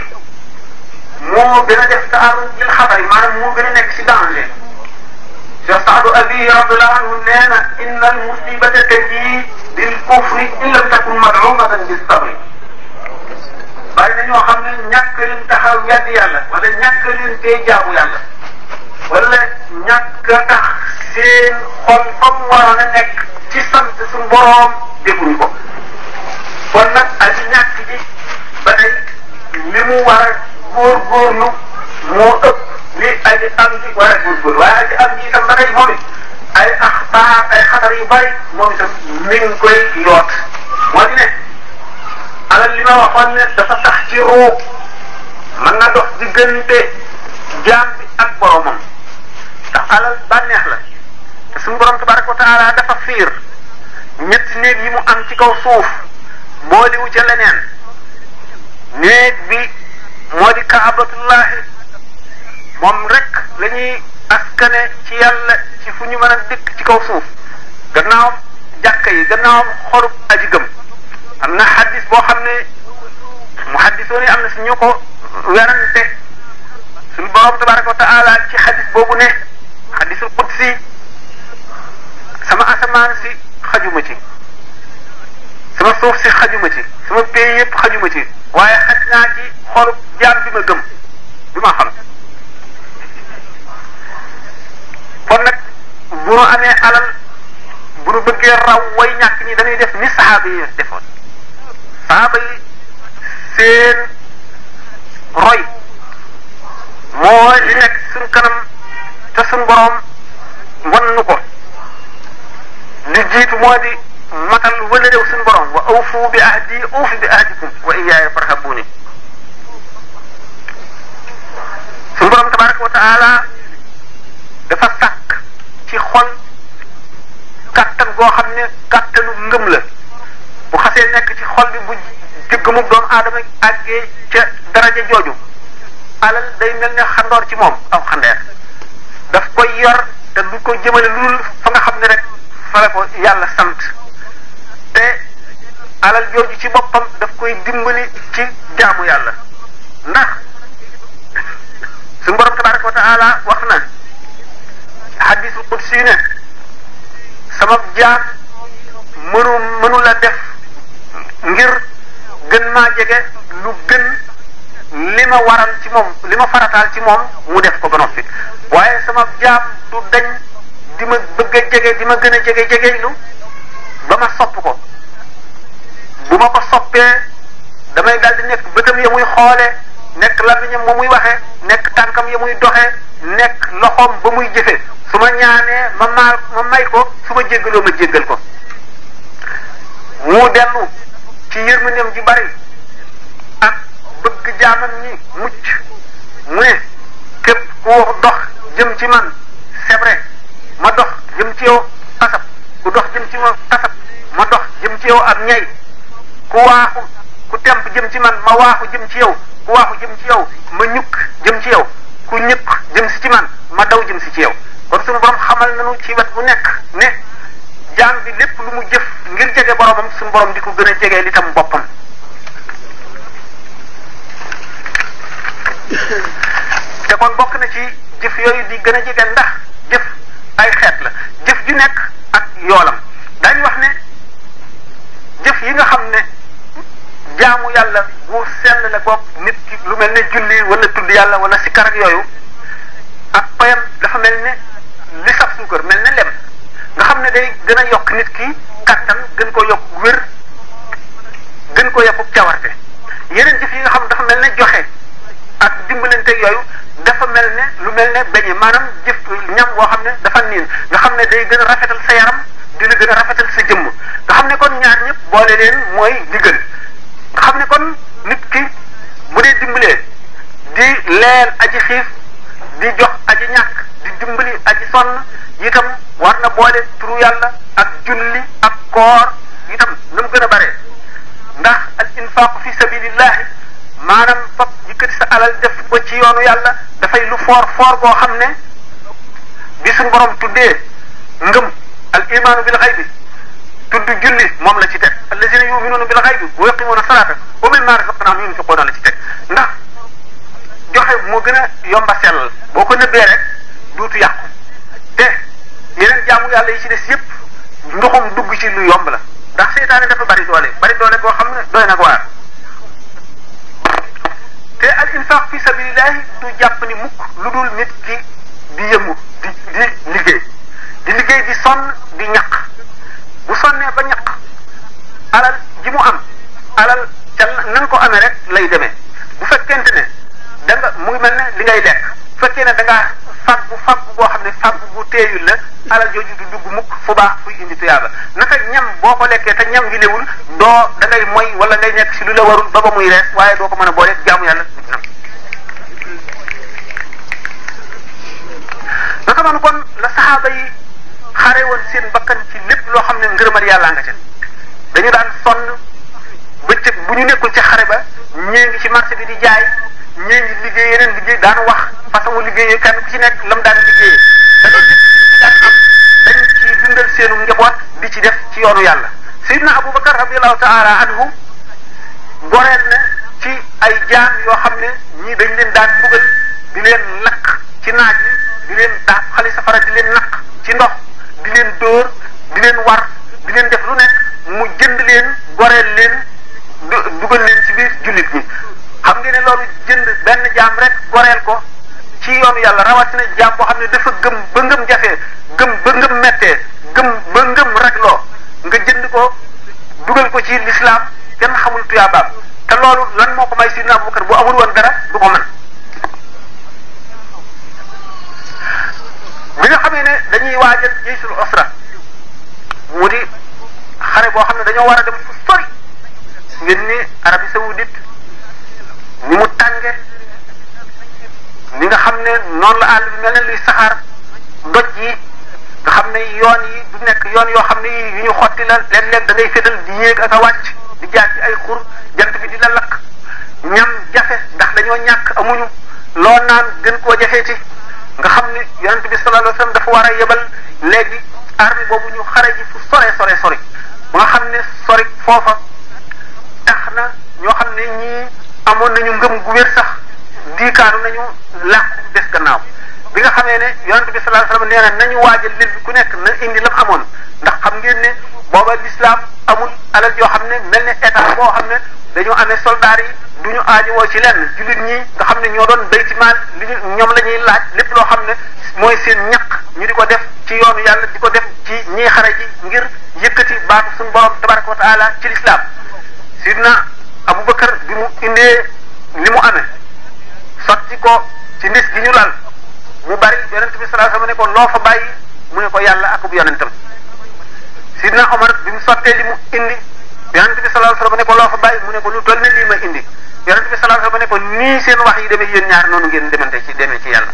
moo gën a def taaru lil xatar yi maanaam moo gën a nekk si danger Cheikh Saadu Abi radiyallahu anhu nee na inna al musibata bil kufri in lam takun mad'umatan bis sabri bari na ñoo xam ne ñàkk leen taxaw yàdd yàlla wala ñàkk leen tee jaamu wala ñàkk a tax seen xol fa mu waroon a nekk ci sant boroom defuñu ko kon nag ak ñàkk ba tey li mu war a góorgóorlu moo ëpp li aji am ji war a góorgóorlu waaye aji am ji itam ba tey moom it ay axbaar ay xatar yu bari moom itam mi koy yoot moo di ne alal li ma waxoon ne dafa tax ci ruub mën na dox diggante jaam bi ak boromam ndax alal bànneex la te suñu borom tabaraka wa taala dafa fiir ñetti néeg yi mu am ci kaw suuf moo di wu ca leneen néeg bi moo di kaabatullahi askane ci yàlla ci fu ñu ma a ci kaw suuf gannaawam jàkka yi gannaawam xorub aji gëm am na xaddis boo xam ne mu xaddisoon yi am na si ñu ko werante suñu borom tabaraka wa taala ci xaddis boobu ne xadisul qudsi sama asamaan si xajuma ci sama suuf si xajuma ci sama pays yëpp ci waaye xaj naa ci xolub jaam bi bi ma xam kon nag bu nu amee alal bu nu bëggee raw way def ni saxaaba yi defoon saxaaba yi roy moo li nekk kanam te suñ borom wan jiitu moo di lu wala réew suñ borom wa awfu bi ahdi awfu bi ahdikum wa iyaaya farhabuni suñ borom wa taala dafa sàkk ci xol kàttan goo xam ne kàttanu bu xasee nekk ci xol bi bu jëggumub doomu aadama àggee ca daraja alal day mel ne ci moom jëmale lu dul fa nga xam ne rek fa la ko yàlla sant te alal jooju ci boppam daf koy dimbali ci jaamu yàlla ndax su borom tabaraka wa taala wax na hadisul qudsi ne sama jaam mënu def ngir gën maa jege lu gën li ma waral ci moom li ma farataal ci moom mu def ko ba waaye sama jaam du dañ di ma bëgg a jege di ma gën a jege jege lu ba ma sopp ko bu ma ko soppee damay daal di nekk bëtam ya muy xoolee nekk lamiñam ba muy waxee nekk tànkam ya muy doxee nekk loxoom ba muy jëfee su ma ñaanee ma maal may ko su ma jéggaloo ma jéggal ko mu dellu ci yërmandeem ji bari ak bëgg jaamam ñi mucc mu ne képp dox jëm ci man c'est ma dox jëm ci yow tasab ku dox jëm ci ma tasab ma dox jëm ci yow ak ñay ku waaxu ku temp jëm ci man ma waaxu jëm ci yow ku waaxu jëm ci yow ma ñukk jëm ci yow ku ñukk jëm si ci man ma daw jëm si ci yow kon suñu borom xamal nañu ci wet bu nekk ne jaam bi lépp lu mu jëf ngir jege boromam suñu borom di ko gën a jege li tam boppam te kon bokk na ci jëf yooyu di gën a jege ndax jëf ay xeet la jëf ju nekk ak yoolam dañu wax ne jëf yi nga xam ne jaamu yàlla bu sell la bopp nit ki lu mel ne julli wala tudd yàlla wala sikkar ak yooyu ak payam dafa mel ne li saf suukar mel ne lem nga xam ne day gën a yokk nit ki kattan gën koo yokk wér gën ko yokk cawarte yeneen jëf yi nga xam dafa mel ne joxe ak dimbalanteeg yooyu dafa mel ne lu mel ne beñe maanaam jëf ñam boo xam ne dafa niin nga xam ne day gën a rafetal sa yaram dina gën a rafetal sa jëmm nga xam ne kon ñaar ñëpp boole leen mooy li gën nga xam ne kon nit ki mu dee dimbalee di leel aji xiif di jox aji ñàkk di dimbali aji sonn itam war na boole turu yàlla ak julli ak koor itam na mu gën a bare ndax ak infaq fi sabilillahi maanaam fab yëkkati sa alal def ko ci yoonu yàlla dafay lu foor foor boo xam ne bi suñ borom tuddee ngëm al imaanu bil xay bi tudd julli moom la ci teg allazina yuminuuna bil xay bi wa yaqimuuna salaata wa teg ndax joxe moo gën a yomba sellal boo ko nëbbee rek duutu yàqu te yeneen jaamu yàlla yi ci des yëpp ndoxum dugg ci lu yomb la ndax seytaane dafa bari doole bari doole boo xam ne doy na waar te al infaq fi sabilillahi du jàpp ni mukk lu dul nit ki di yëngu di di liggéey di sonn di ñaq bu sonnee ba ñaq alal ji mu am alal ca nan ko amee rek lay demee bu fekkente ne da mu mel ne li ngay lekk bu fekkee ne da faggu faggu boo xam ne faggu bu teeyul la alal jooju du dugg mukk fu baax fuy indi tuyaaba naka ñam boo ko lekkee te ñam yu lewul doo da ngay moy wala ngay nekk si lu la warul ba ba muy rees waaye doo ko mën a booleeg jaamu yàlla du nam naka noonu kon la saxaaba yi xare woon seen bakkan ci lépp loo xam ne ngërëmal yàlla nga ca dañu daan sonn bëccëg bu ñu nekkul ci xare ba ñee ci marché bi di jaay ñee ngi liggéey yeneen liggéey daan wax liggéeyee kenn ku ci nekk lam daan daan am dañ ci dundal seenu njaboot di ci def ci yoonu yàlla Seydina Aboubacar radiallahu taala anhu goreel na ci ay jaam yoo xam ne ñii dañ leen daan mbugal di leen lakk ci naaj yi di leen daaf xali safara di leen lakk ci ndox di leen dóor di leen war di leen def lu nekk mu jënd leen goreel leen dugal leen ci biir jullit ñi xam nga ne loolu jënd benn jaam rek goreel ko ci yoonu yàlla rawatina jaam boo xam ne dafa gëm ba ngëm jafee gëm ba ngëm mettee gëm ba ngëm ragloo nga jënd ko dugal ko ci lislaam kenn xamul tuyaabaam te loolu lan moo ko may sidna kër bu amul woon dara du ko mën bi nga xamee ne dañuy waajal jaysul usra mu di xare boo xam ne dañoo war a dem fu sori ngeen ni Arabie Saoudite ni mu tànge li nga xam ne noonu la àll bi mel ne luy saxaar doj yi nga xam ne yoon yi du nekk yoon yoo xam ne yu ñu xotti la léeg-léeg da ngay féetal di yéeg ak a wàcc di jaar ay xur jant bi di la lakk ñam jafe ndax dañoo ñàkk amuñu loo naan gën koo jafee nga xam ne yonent bi sallallahu alayhi wasallam dafa war a yebal léegi armée boobu ñu xare ji fu sore sore sori ba nga xam ne sori foofa tax na ñoo xam ne ñii amoon nañu ngëm gu wér sax diikaanu nañu làq des gannaaw bi nga xamee ne yonent bi sallallahu alayhi wasallam nee nañu waajal lil ku nekk na indi lam amoon ndax xam ngeen ne booba lislaam amul alal yoo xam ne mel ne état boo xam ne dañoo amee soldaar yi du ñu aajowoo ci lenn jullit ñi nga xam ne ñoo doon baytimaal li ñu ñoom la ñuy laaj lépp loo xam ne mooy seen ñaq ñu di ko def ci yoonu yàlla di ko def ci ñii xare ji ngir yëkkati baatu suñu borom tabaraka wa taala ci lislaam sidna bi mu indee li mu sotti ko ci ndis gi ñu lal mu bari yonent bi sallallahu alayhi wasallam ko loo fa bàyyi mu ne ko yàlla akub yonentam sidna Omar bi mu sottee li mu indi yonent bi sallallahu alayhi wasallam ne loo fa bàyyi mu ne ko lu toll lii ma indi yonent bi sallallahu alayhi wasallam nii seen wax yi deme yéen ñaar noonu ngeen demante ci demee ci yàlla.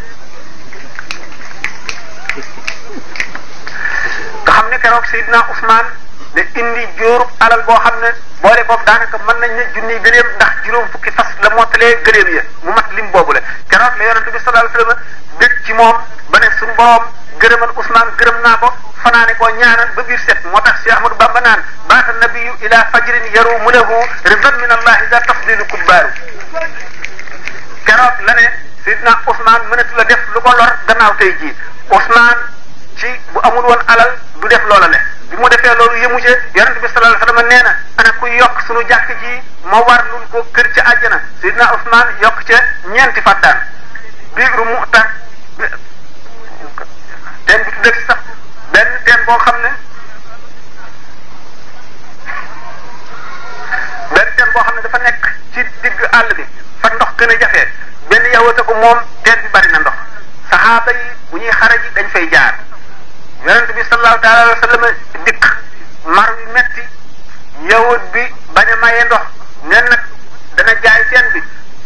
nga xam ne keroog sidna Ousmane da indi jóorub alal boo xam ne. boole boobu daanaka mën nañ ne junniy gëléem ndax juróom fukki fas la mottalee gëléem ya mu mat lim boobu la keroog la yonent bi sallallahu alayhi wasallam bég ci moom ba ne suñu borom gërëmal Ousmane gërëm naa ko fanaane koo ñaanal ba biir set moo tax Cheikh Ahmadou Bamba naan baata nabiyu ila fajrin yarumu lahu ridan min allahi za tafdilu kubbaaru keroog la ne sidna Ousmane mënatu la def lu ko lor gannaaw tey jii Ousmane ci bu amul woon alal du def loola le bi mu defee loolu yëmu ca yonent bi sallallahu alayhi wasallam nee na ana ku yokk suñu jàkk ji ma war lul ko kër ca àjjana Seydina Ousmane yokk ca ñeenti faddaan biiru muxta teen bu benn teen boo xam ne benn boo xam ne dafa nekk ci digg àll bi fa ndox gën a jafee benn yawata ko moom teen bi bari na ndox saxaaba yi bu ñuy xare dañ fay jaar yonent bi sallallahu taala dikk mar wi metti yawut bi bañ a maye ndox nen nag dana jaay seen bi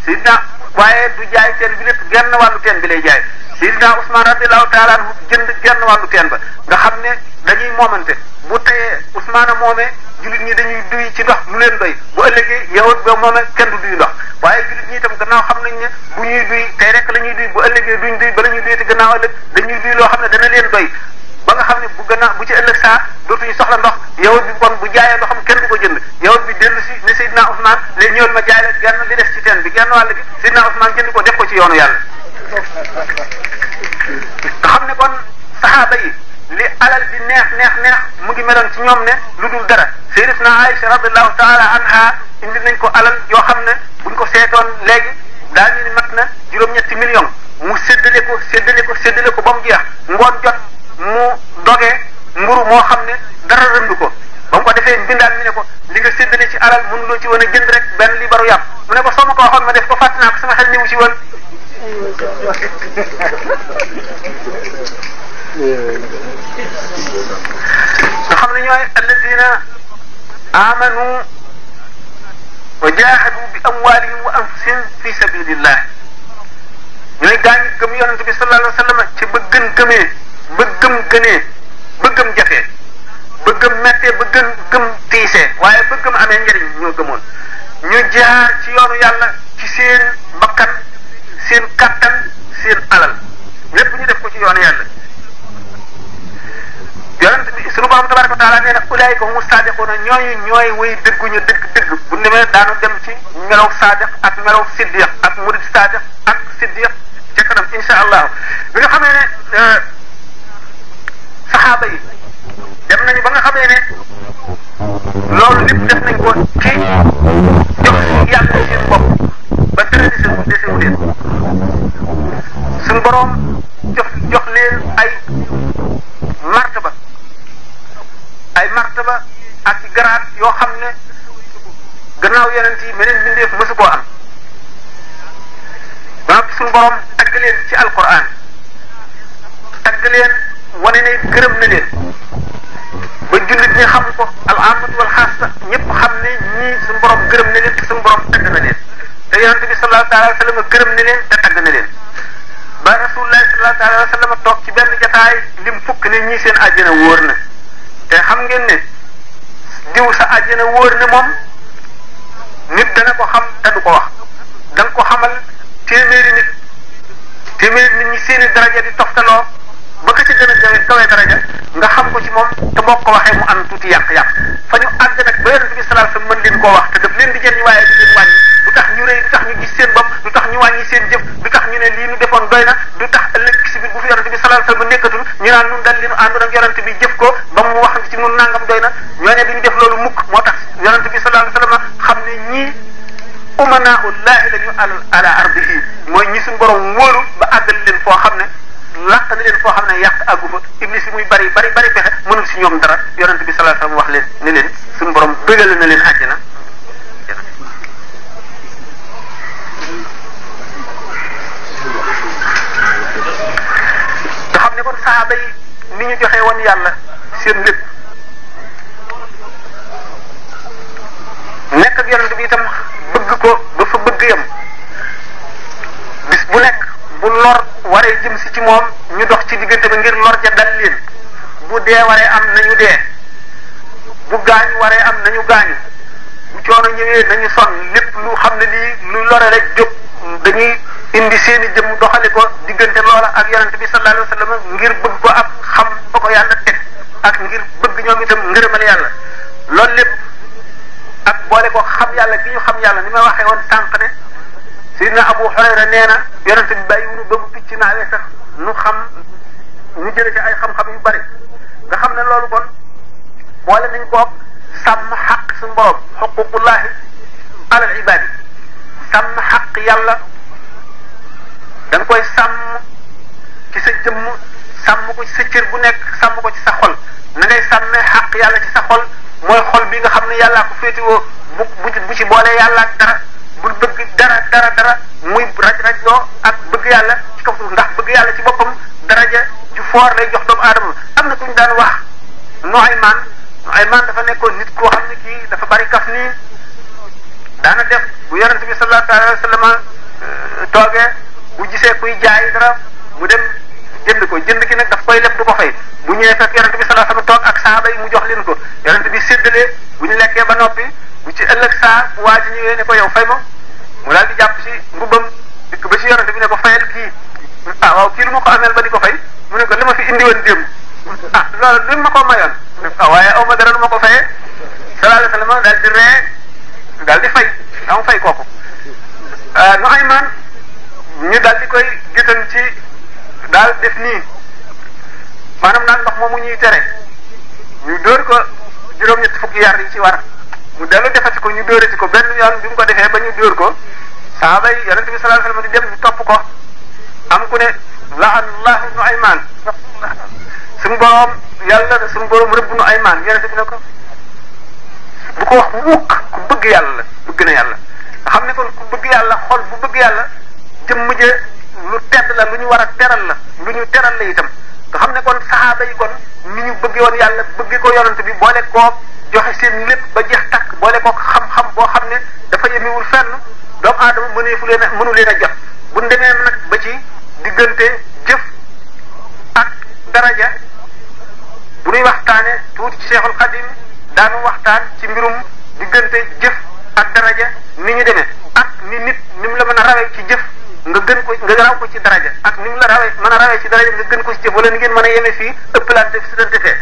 sidna waaye du jaay teen bi lépp genn wàllu teen bi lay jaay sidna Ousmane radiallahu taala anhu jënd genn wàllu teen ba nga xam ne dañuy moomante bu teyee Ousmane a moomee jullit ñi dañuy duy ci ndox lu leen doy bu ëllëgee yawut ba moomee kenn duy ndox waaye jullit ñi itam gannaaw xam nañ ne bu ñuy duy tey rek la ñuy duy bu ëllëgee duñ duy ba la ñuy duy te gannaaw loo xam ne dana leen doy ba nga xam ne bu gannaaw bu ci ëllëg saa dootuñu soxla ndox yow bi kon bu jaayee ndoxam kenn du ko jënd yow bi dellu si ne Seydina Ousmane ne ñëwal ma jaay la genn li des ci teen bi genn wàll gi Seydina Ousmane jënd ko def ko ci yoonu yàlla nga xam ne kon saxaaba yi li alal di neex neex neex mu ngi meloon ci ñoom ne lu dul dara Sayyidatuna Aïcha radiyallahu taala anha indi nañ ko alal yoo xam ne buñ ko seetoon léegi daañu ne mat na juróom-ñetti million mu séddale ko séddale ko séddale ko ba mu jeex ngoon jot mu doge mburu moo xam ne dara rënd ko ba mu ko defee mbindaan mi ne ko li nga séddale ci alal mënu loo ci woon a jënd rek benn li baru yàpp mu ne ko soo ma ko waxoon ma def ko fàtt naa ko sama xel niwu ci woon nga xam ne ñooy alladina amanu wa jaahadu bi amwaalihim wa anfusihim fi sabilillah ñooy gaañu gëm yonent bi sallallahu alayhi wa sallam bëggam gënee bëggam jafee bëggam mettee bëggam gëm tiisee waaye bëggam amee njariñ ñoo gëmoon ñu jaar ci yoonu yàlla ci seen bakkan seen kàttan seen alal lépp ñu def ko ci yoonu yàlla yonent bi sunu borom tabaraka wa taala nee na ulaayika humu saadiquuna ñooñu ñooy way dëgguñu dëgg dëgg bu demee daanu dem ci melow saadiq ak melow siddiq ak murid saadiq ak siddiq ca insha allah bi nga xamee ne euh, saxaaba yi dem nañu ba nga xamee ne loolu lépp def nañ ko ci jox yàlla seen bopp ba dara desewu desewu leen suñ boroom jox jox leen ay martaba ay martaba ak ci yoo xam ne gannaaw yonent yi meneen mbindeef mësu koo am ba suñ boroom tagg leen ci alquran tagg leen wane ne gërëm na leen ba jullit ñi xam ko al wal xaasa ñëpp xam ne ñii suñu borom gërëm na leen te suñu borom tagg na leen te yonent bi sallallahu taala wa sallam gërëm na leen te tagg na leen ba rasulullahi sallallahu taala wa sallam toog ci benn jataay lim fukk ne ñii seen àjjana wóor na te xam ngeen ne diw sa àjjana wóor na moom nit dana ko xam te du ko wax danga ko xamal téeméeri nit téeméeri nit ñi daraja di toftaloo ba ka ci gën a jawe kawee nga xam ko ci moom te boo ko waxee mu am tuuti yàq-yàq fa ñu àgg ba yonent bi sallallahu alayhi mën leen koo wax te daf leen di jëriñ waaye du seen bopp du tax ñu wàññi seen jëf du tax ñu ne lii ñu defoon doy na du tax ëllëg si biir bu fi yonent bi sallallahu alayhi wasallam nekkatul ñu naan nun dal li nu àndoon ak bi jëf ko ba mu wax ci mun nangam doy na ñoo ne duñu def loolu mukk moo tax yonent bi sallallahu alayhi xam ne ñii umanaahu laahi la ñu al ala ardihi mooy ñi suñu borom wóolu ba xam ne làq na leen foo xam ne yàq àggu fa iblis yi muy bari bari bari pexe mënul si ñoom dara yonent bi sallallahu alayhi wasallam wax leen ne leen suñu borom bëggale na leen àjjana nga xam ne kon saaba yi ni ñu joxe woon yàlla seen lépp nekk ak yonent bi itam bëgg ko ba fa bëgg yam bis bu nekk bu lor waree jëm si ci moom ñu dox ci diggante ba ngir lor ja dal leen bu dee waree am nañu dee bu gaañu waree am nañu gaañu bu coono ñëwee nañu sonn lépp lu xam ne lii lu lore rek jóg dañuy indi seeni jëm doxale ko diggante loola ak yonent bi sallallahu alayhi wasallam ngir bëgg ko am xam fa yàlla teg ak ngir bëgg ñoom itam ngërëmal yàlla loolu lépp ak boole ko xam yàlla gi ñu xam yàlla ni ma waxee woon tànq ne sidna Abu Hurayra nee na yonent bi bàyyiwunu ba bu picc naawee sax nu xam ñu jële ci ay xam-xam yu bari nga xam ne loolu bon boole nañ koog sàmm xaq su borom xuququllahi alal ibaadi sàmm xaq yàlla dañ koy sàmm ci sa jëmm sam ko ci sa cër bu nekk sàmm ko ci sa xol na ngay sàmmee xaq yàlla ci sa xol mooy xol bi nga xam ne yàllaa ko féetiwoo bu bu ci boolee yàlla ak bu bëgg dara dara dara muy raj raj loo ak bëgg yàlla ci kaw ndax bëgg yàlla ci boppam daraja ju foor lay jox doomu aadama am na ku ñu daan wax ay Nuaymaan dafa nekkoon nit koo xam ne kii dafa bari kaf nii daana def bu yonent bi sallallahu alayhi wa sallam euh, toogee bu gisee kuy jaay dara mu dem jënd ko jënd ki nag daf koy leb du ko fay bu ñëwee fekk yonent bi sallallahu alayhi wa sallam toog ak saaba yi mu jox leen ko yonent bi bu ñu lekkee ba noppi bu ci ëllëg saa bu waa ji ko yow fay ma mu daal di jàpp ci mbubbam dikk ba ci yorante bi ne ko fayal kii ah kii lu ma ko ameel ba di ko fay mu ne ko li ma fi indi woon démb ah loolu li ma ko mayoon mu ne ah, aw ma dara lu ma ko fayee sallallahu alayhi wa sallam daal di ree daal di fay am fay kooku ah, nu ay maan ñu daal di koy gisan ci daal def nii maanaam naan ndox moomu ñuy tere ñu dóor ko juróom-ñett fukki yar yi ci war mu dellu defati ko ñu dóorati ko benn yoon bi mu ko defee ba ñu dóor ko saaba yi yonente bi sallallahu alayhi wasallam di dem di topp ko am ku ne la'an allahu ibnu mu suñu borom yàlla suñu borom rëbb nu ayman yonente bi ko bu ko wax ku bëgg yàlla bëgg na yàlla xam ne ko ku bëgg yàlla xol bu bëgg yàlla jëmm je lu tedd la lu ñu war a teral la lu ñu teral la itam nga xam ne ko saxaaba yi ko nu ñu bëggee woon yàlla bëgg ko yonent bi boole ko joxe seen lépp ba jeex takk boole kook xam-xam boo xam ne dafa yemewul fenn doomu aadama mëneefu leen a leen a jot bu ñu demee nag ba ci diggante jëf ak daraja bu ñuy waxtaanee tuuti ci Seexul Xadim daanu waxtaan ci mbirum diggante jëf ak daraja ni ñu demee ak ni nit ni mu la mën a rawee ci jëf nga gën ko nga raw ko ci daraja ak ni la rawee mën a rawee ci daraja nga gën ko ci jëf wala ni ngeen mën a yemee fii ëpp lante fi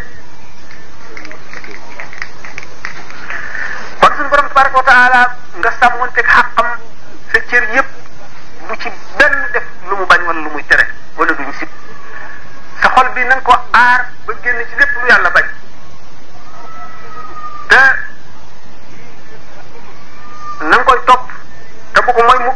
kooku mooy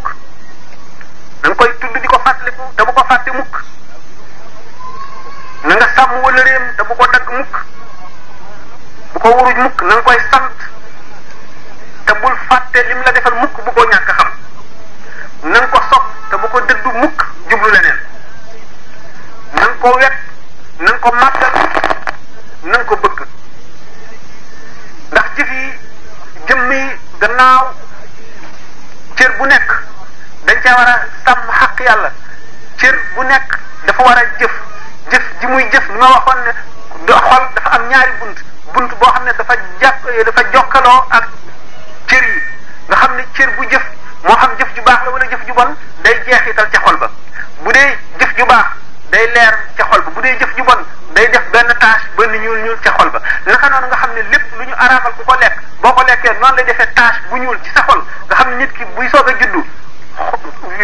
dafa jàpp dafa jokkaloo ak cër yi nga xam ne cër bu jëf moo xam jëf ju baax la wala jëf ju bon day jeexital ca xol ba bu dee jëf ju baax day leer ca xol ba bu dee jëf ju bon day def benn tache benn ñuul ñuul ca xol ba naka noonu nga xam ne lépp ñu ñu araamal ku ko lekk boo ko lekkee noonu lay defee tache bu ñuul ci sa xol nga xam ne nit ki buy soog a juddu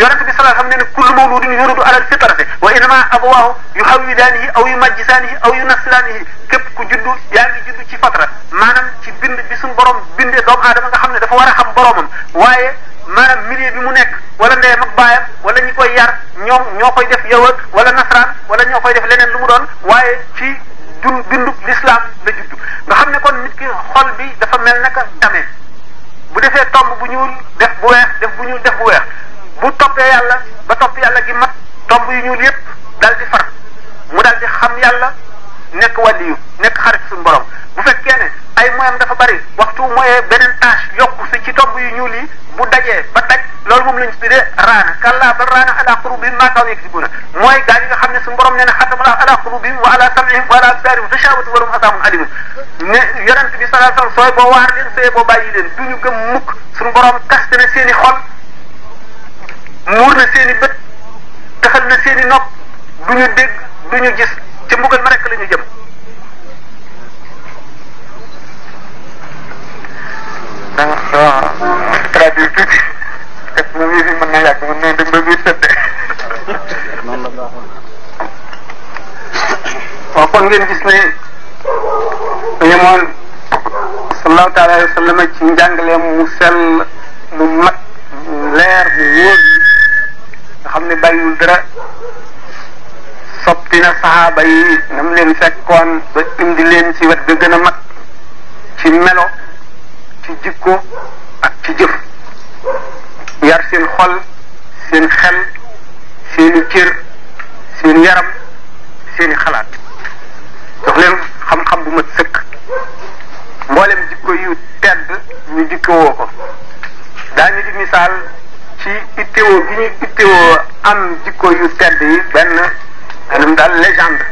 yonent bi sallallahu alayhi wa sallam ne ne kullu mawludin yuridu alal fitrati wa innama abawaahu yuhawwidaanihi aw yumajjisaanihi aw yunassilaanihi képp ku juddu yaa ngi juddu ci fatra maanaam ci bind bi suñ borom bindee doomu aadama nga xam ne dafa war a xam boromam waaye maanaam milieu bi mu nekk wala ndeyam ak baayam wala ñi koy yar ñoom ñoo koy def yow ak wala nasaraan wala ñoo koy def leneen lu mu doon waaye ci dund bindu l'islam la juddu nga xam ne kon nit ki xol bi dafa mel naka damee bu defee tomb bu ñuul def bu weex def bu ñuul def bu weex bu toppee yàlla ba topp yàlla gi mat tomb yu ñuul yépp daal di mu daal di xam yàlla nekk wàlliyu nekk xarit suñu borom bu fekkee ne ay moyam dafa bari waxtu mooyee beneen tâche yokk si ci tomb yu ñuul yi bu dajee ba daj loolu moom la ñu raana kalla bal raana ala qulubihim maa kaanu yaksibuuna mooy gaa yi xam ne suñu borom na xatama laahu ala qulubihim wa ala sam'ihim wa ala absaarihim gishaawatun wa lahum azaabun aliim ne yonent bi sallallahu alayhi wa sallam sooy boo waar leen sooy boo bàyyi leen du ñu gëm mukk suñu borom seen i xol na seen bët taxal na seen i nopp du ñu ñu gis ci mbugal ma rek la ñu jëm danga ah, soo traduire tuuti parce que moom mën na yàgg mën na dem ba biir sëtte waaw kon ngeen gis ne yemoon sallallahu taala alayhi wa sallam ci mu sell mu mat mu leer mu wóor nga xam ne bàyyiwul dara soppi na saxaaba yi nam leen fekkoon ba indi leen ci wet ga gën a mag ci melo ci jikko ak ci jëf yar seen xol seen xel seeni cër seen yaram seeni xalaat jox leen xam-xam bu mat sëkk mboolem jikko yu tedd ñu jikkowoo ko daañu di misaal ci ittewoo gi ñu ittewoo am jikko yu tedd yi benn anam daal légende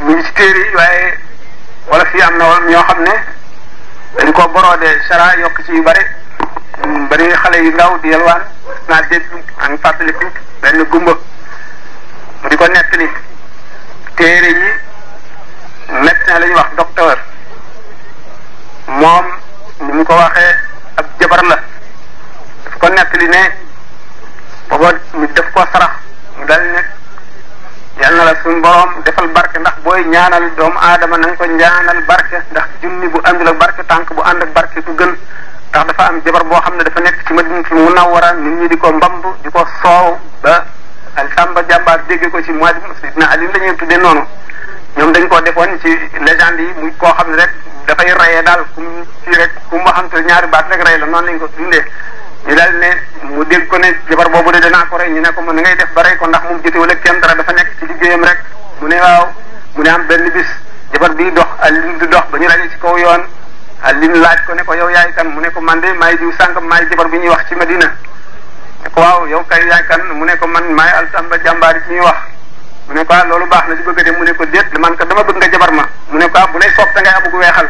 mu ngi ci téere yi waaye wala fii am na woon ñoo xam ne dañ koo boroodee sara yokk ci yu bare mm, bari xale yu ndaw di yalwaan naa dégg ak fàttaliku benn gumba mu di ko nettali téere yi médecin la ñuy wax docteur moom ni mu ko waxee ab jabar la daf ko nettali ne mu def ko sarax mu dal ne yal na la suñu defal barke ndax booy ñaanal doomu aadama na nga ko ñaanal barke ndax junni bu àndul ak barke tànk bu ànd ak barke ku gën ndax dafa am jabar boo xam ne dafa nekk ci Madinatu Munawwara nit ñi di ko mbamb di ko soow ba al jàmbaar dégg ko ci mois de Seydina Ali la ñuy tuddee noonu ñoom dañ koo defoon ci légende yi muy koo xam ne rek dafay rayee daal kum ci rek kum waxante ñaari baat rek rey la noonu lañ ko dundee ñu daal ne mu dégg ko ne jabar boobu de danaa ko rek ñu ne ko mu ni ngay def ba ko ndax moom jotewul ak kenn dara dafa nekk ci liggéeyam rek mu ne waaw mu ne am benn bis jabar bii dox Alioune di dox ba ñu rajo ci kaw yoon Alioune laaj ko ne ko yow yaay kan mu ne ko man de maay diw sàngam maay jabar bi ñuy wax ci Medina ne ko waaw yow kay yaay kan mu ne ko man maay altamba jàmbaar bi ñuy wax mu ne ko ah loolu baax na ci bëgg a dem mu ne ko déet man ko dama bëgg nga jabar ma mu ne ko ah bu lay soob te ngay abug weexal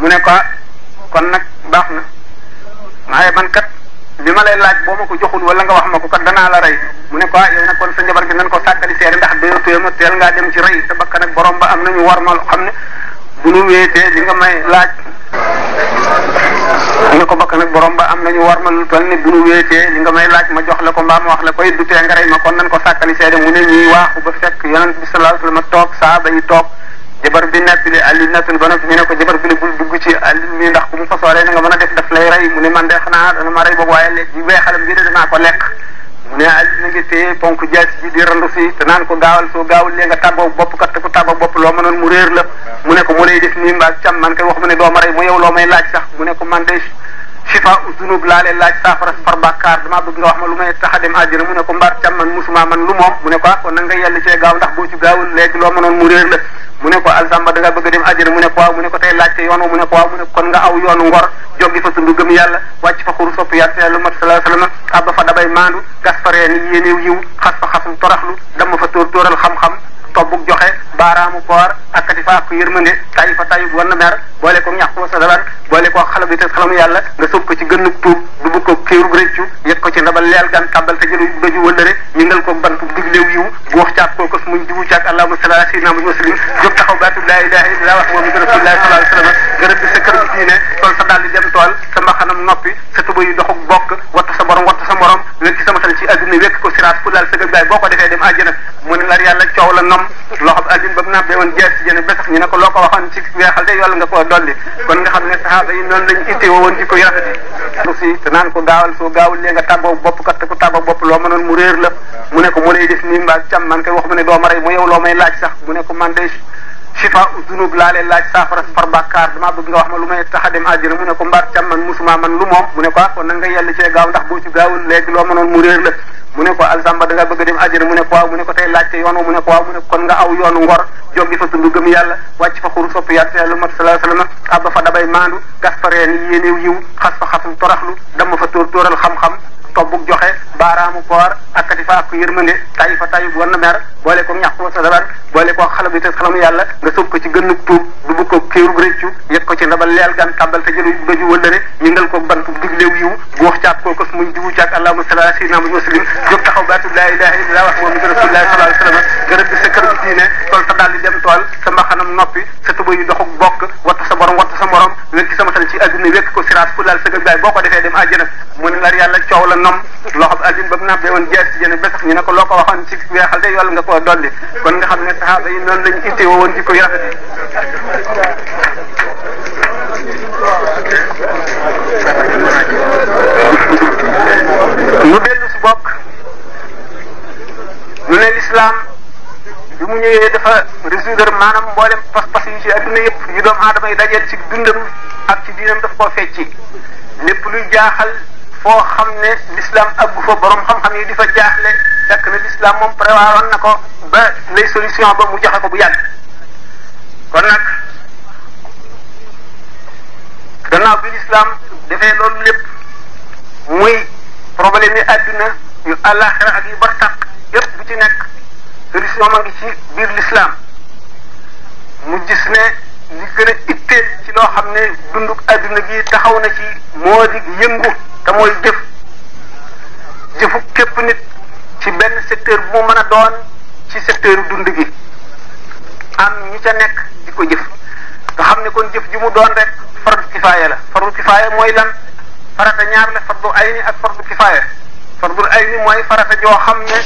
mu ne ko ah kon nag baax na maaye man kat li ma lay laaj boo ma ko joxul wala nga wax ma ko kat danaa la rey mu ne ko ah yow kon sa njabar nañ ko sàkkali seere ndax dayoo téema teel ngaa dem ci rey te bakkan ak borom ba am nañu warmal xam ne bu ñu wéetee li nga may laaj mu ne ko ba am nañu warmal lu toll ni bu ñu wéetee li nga may laaj ma jox la ko mbaam ma wax la koy du tee nga rey ma kon nañ ko sàkkali seere mu ne ñuy waaxu ba fekk yonent bi sallallahu alayhi toog saaba yi toog jabar bi nettali Ali nettali ba noppi ñu ne ko jabar bi la bul dugg ci Ali mi ndax bu mu fasooree na nga mën a def daf lay rey mu ne man de xanaa dana ma rey boobu waaye léegi bi weexalam bi de danaa ko lekk mu ne Ali na ngi téye ponk jaas ji di randu si te naan ko gaawal soo gaawul lee nga tàggoo bopp kat te ku bopp loo mënoon mu réer la mu ne ko mu lay def nii mbaa cam man kay wax mu ne doom ma rey mu yow loo may laaj sax mu ne ko man de shifa uzunub laa leen laaj saafara far bàkkaar damaa bëgg nga wax ma lu may tax dem àjjana mu ne ko mbaar cam man musuma man lu moom mu ne ko ah kon na nga yell cee gaaw ndax boo ci gaawul léegi loo mënoon mu réer la mu ne ko alsamba da bëgg a dem àjjana mu ne ko waaw mu ne ko tey laajte yoon mu ne ko waaw mu ne kon nga aw yoonu ngor joggi fa tund gëm yàlla wàcc fa xuru sopp yàlla lu mat salaa salama abba fa dabay maandu gas na mer boole ko ñax ko sa dalan boole koo xalam bi te xalamu yàlla nga sóob ko ci gënnug tuub dubu ko kéerub rëccu yet ko ci ndabal leel gan tàbbal te jëlu doju wëllëre ñu ngal ko bant digleew yiw bu wax caat koo kos muñ dibu caat allahuma salli ala sayyidina muhammad muslim jóg taxaw baatub laa ilaha illallah wax moom rasulullah sallallahu alayhi wasallam nga rëdd sa kër bi diine sol sa dal di tool sa mbaxanam noppi sa tuba yu doxuk bokk wattu sa borom wattu wékk sama xel ci àddina wékk ko siraat ku laal sëgal baay boo ko defee dem àjjana mu ne lar yàlla coow la nom loxo àddina ba mu nàbbee woon jeex ci jëne ba sax ñu ne ko loo ko waxoon ci weexal de yàlla nga koo dolli kon nga xam ne saxaaba yi noonu lañ ittee woon ci ko yarafeti si te naan ko gaawal soo gaawul lee nga tàggoo bopp kat te bopp loo mënoon mu réer la mu ne ko mu lay def nii mbaa cam man koy wax mu ne doo ma rey mu yow loo may laaj sax mu ne ko man day shifa udunub laa leen laaj saafara far bàkkaar damaa bëgg nga wax ma lu may tax a dem àjjana mu ne ko mbaat cam man musuma man lu moom mu ne ko ah, kon nag nga yell cee gaaw ndax boo ci gaawul léegi loo mënoon mu réer la mu ne ko alsamba da bëgg a dem àjjana mu ne ko waaw mu ne ko tey laajte yoon mu ne ko waaw mu ne ko kon nga aw yoonu ngor joggi fa tund gëm yàlla wàcc fa xuru sopp yàlla yàlla mat salaa salama abba fa dabay maandu gas fa reen yéenew yiw xas xam tobbuk joxe baaraamu koor akkati fa ak yërmande tayi fa tayi war na mer boole ko ñàkk sa dabar boole ko xala bi te xalamu yàlla nga suub ko ci gënnuk tuub dubu ko kéerub rëccu yëg ko ci ndabal leel gan tàbbal te jëlu bëju wëllëre ñingal ko bant diglew yiw góox caab koo këf muñ jiwu caag allahuma sala ala sayyidina muhammad muslim jóg taxaw laa ilaha illallah wax moom rasulillahi nga rëdd sa kër bi diine tool sa daal di dem tool sa mbaxanam noppi bokk wattu sa sa morom wékki sama tan ci adduna ko siraat dem àjjana mu ne nom loxo aljum ba ñu ne ko loo ko waxoon yàlla nga koo kon nga xam ne saxaaba yi noonu lañu itte woo woon jikko yu rafet lu dellu ne lislaam bi mu ñëwee dafa résoudre maanaam mboole pas-pas yu ci adduna yëpp yu doomu aadama yi dajeel ci dundam ak ci diinam daf koo fecci lépp luy jaaxal foo xam ne l'islam àggu fa borom xam-xam yi di fa jaaxle fekk na l'islam moom prévoiroon na ko ba lay solution ba mu joxe ko bu yàgg kon nag gannaaw bi l'islam dafay loolu lépp muy problème àdduna yu àllaaxira ak yu bartaq yépp bu ci nekk solution ma ngi ci biir l'islam mu gis ne li gën a itteel ci loo xam ne dunduk àdduna gi taxaw na ci moo di yëngu te mooy jëf jëfu képp nit ci benn secteur bu mu mën a doon ci secteur dund gi am ñi ca nekk di ko jëf nga xam ne kon jëf ji mu doon rek fardu kifaaya la fardu kifaaya mooy lan farata ñaar la fardu ayni ak fardu kifaaya fardu ayni mooy farata joo xam ne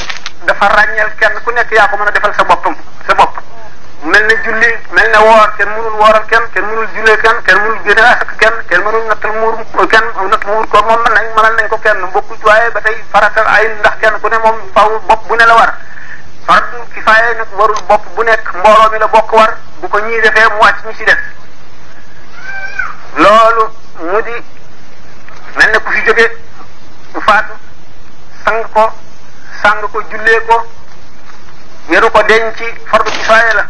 dafa ràññeel kenn ku nekk yaa ko mën a defal sa boppam sa bopp mel na julli mel na woor kenn mënul wooral kenn kenn mënul jullee kenn kenn mënul génne ak kenn kenn mënul nattal muur kenn natt muur ko moom mën nañ mënal nañ ko kenn bokkul waaye ba tey farata ay ndax kenn ku ne moom faw bopp bu ne la war faratu kifaaya nag warul bopp bu nekk mbooloo mi la bokk war bu ko ñii defee mu wàcc ñu ci def loolu mu di mel ne ku fi jóge mu faatu sang ko sang ko jullee ko yaru ko denc faratu kifaaya la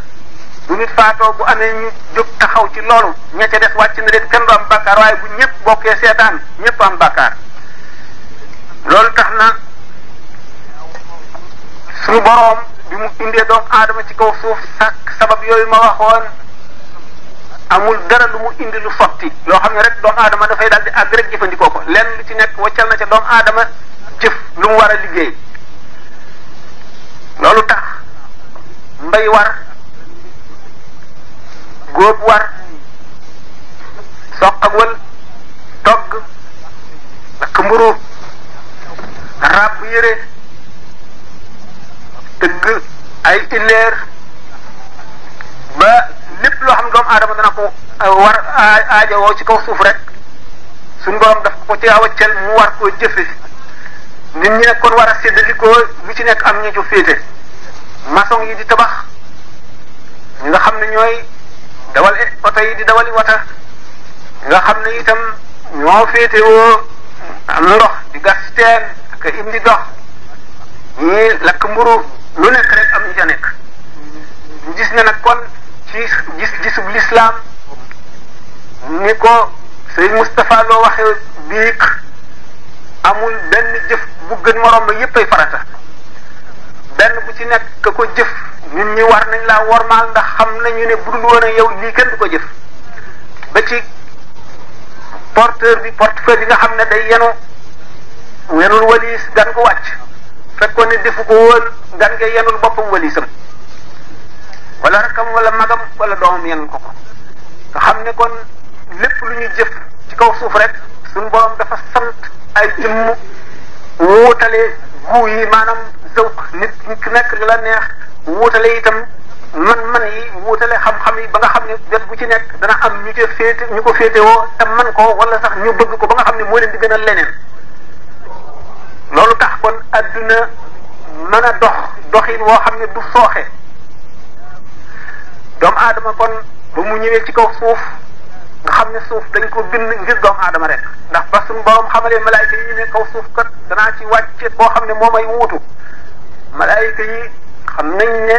bu nit faatoo bu amee ñu jóg taxaw ci loolu ña ca des wàcc na leen kenn du am bàkkaar waaye bu ñëpp bokkee seetaan ñëpp am bàkkaar loolu tax na suñu boroom bi mu indee doomu aadama ci kaw suuf sàkk sabab yooyu ma waxoon amul dara lu mu indi lu sotti loo xam ne rek doomu aadama dafay daal di àgg jëfandikoo ko lenn lu ci nekk waccal na ca doomu aadama jëf lu mu war a liggéey loolu tax mbay war góob war soq ak wël togg lakk mburu ràbb yére tëgg ay ineer ba lépp loo xam ne doomu dana ko euh, war aaja woo ci kaw suuf rek suñu borom daf ko ci wàcceel mu war koo jëfe nit ñi nekkoon war a séddalikoo lu ci nekk am ñu ci féete maçon yi di tabax nga xam ne ñooy dawal oto yi di dawali wata nga xam ne itam ñoo féetewoo am ndox di gas teen ak indi dox ñii lakk mburu lu nekk rek am ñu ca gis ne nag kon ci gis gisub lislaam ni ko sëñ Moustapha loo waxee biig amul benn jëf bu gën morom ba yépp ay farata benn bu ci nekk ko jëf nit ñi war nañ laa wormaal ndax xam ñu ne bu dul woon ak yow lii kenn du ko jëf ba ci porteur bi portefeuille bi nga xam ne day yenu yenul waliis gan ko wàcc fekkoon ne defu ko woon gan nga yenul boppam waliisam wala rakam wala magam wala doomam yenul ko ko xam ne kon lépp lu ñu jëf ci kaw suuf rek suñu borom dafa sant ay jëmm wuutale guu yi maanaam zawq nit ki nekk la neex wuutale tam man-man yi wuutale xam-xam yi ba nga xam ne wet gu ci nekk dana am ñu ca féete ñu ko féetewoo te man ko wala sax ñu bëgg ko ba nga xam ne moo leen di gënal leneen loolu tax kon adduna mën a dox doxin woo xam ne du sooxe doomu adama kon ba mu ñëwee ci kaw suuf nga xam ne suuf dañ ko bind ngir doomu aadama rek ndax ba suñu borom xamalee malaayika yi ñu ne kaw suuf kat danaa ci wàcce koo xam ne moom may wuutu malaayika yi xam nañ ne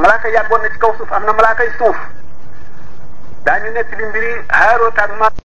malaaka yàggoon na ci kaw suuf am na malaakay suuf daañu nekk li mbiri Haaroot ak ma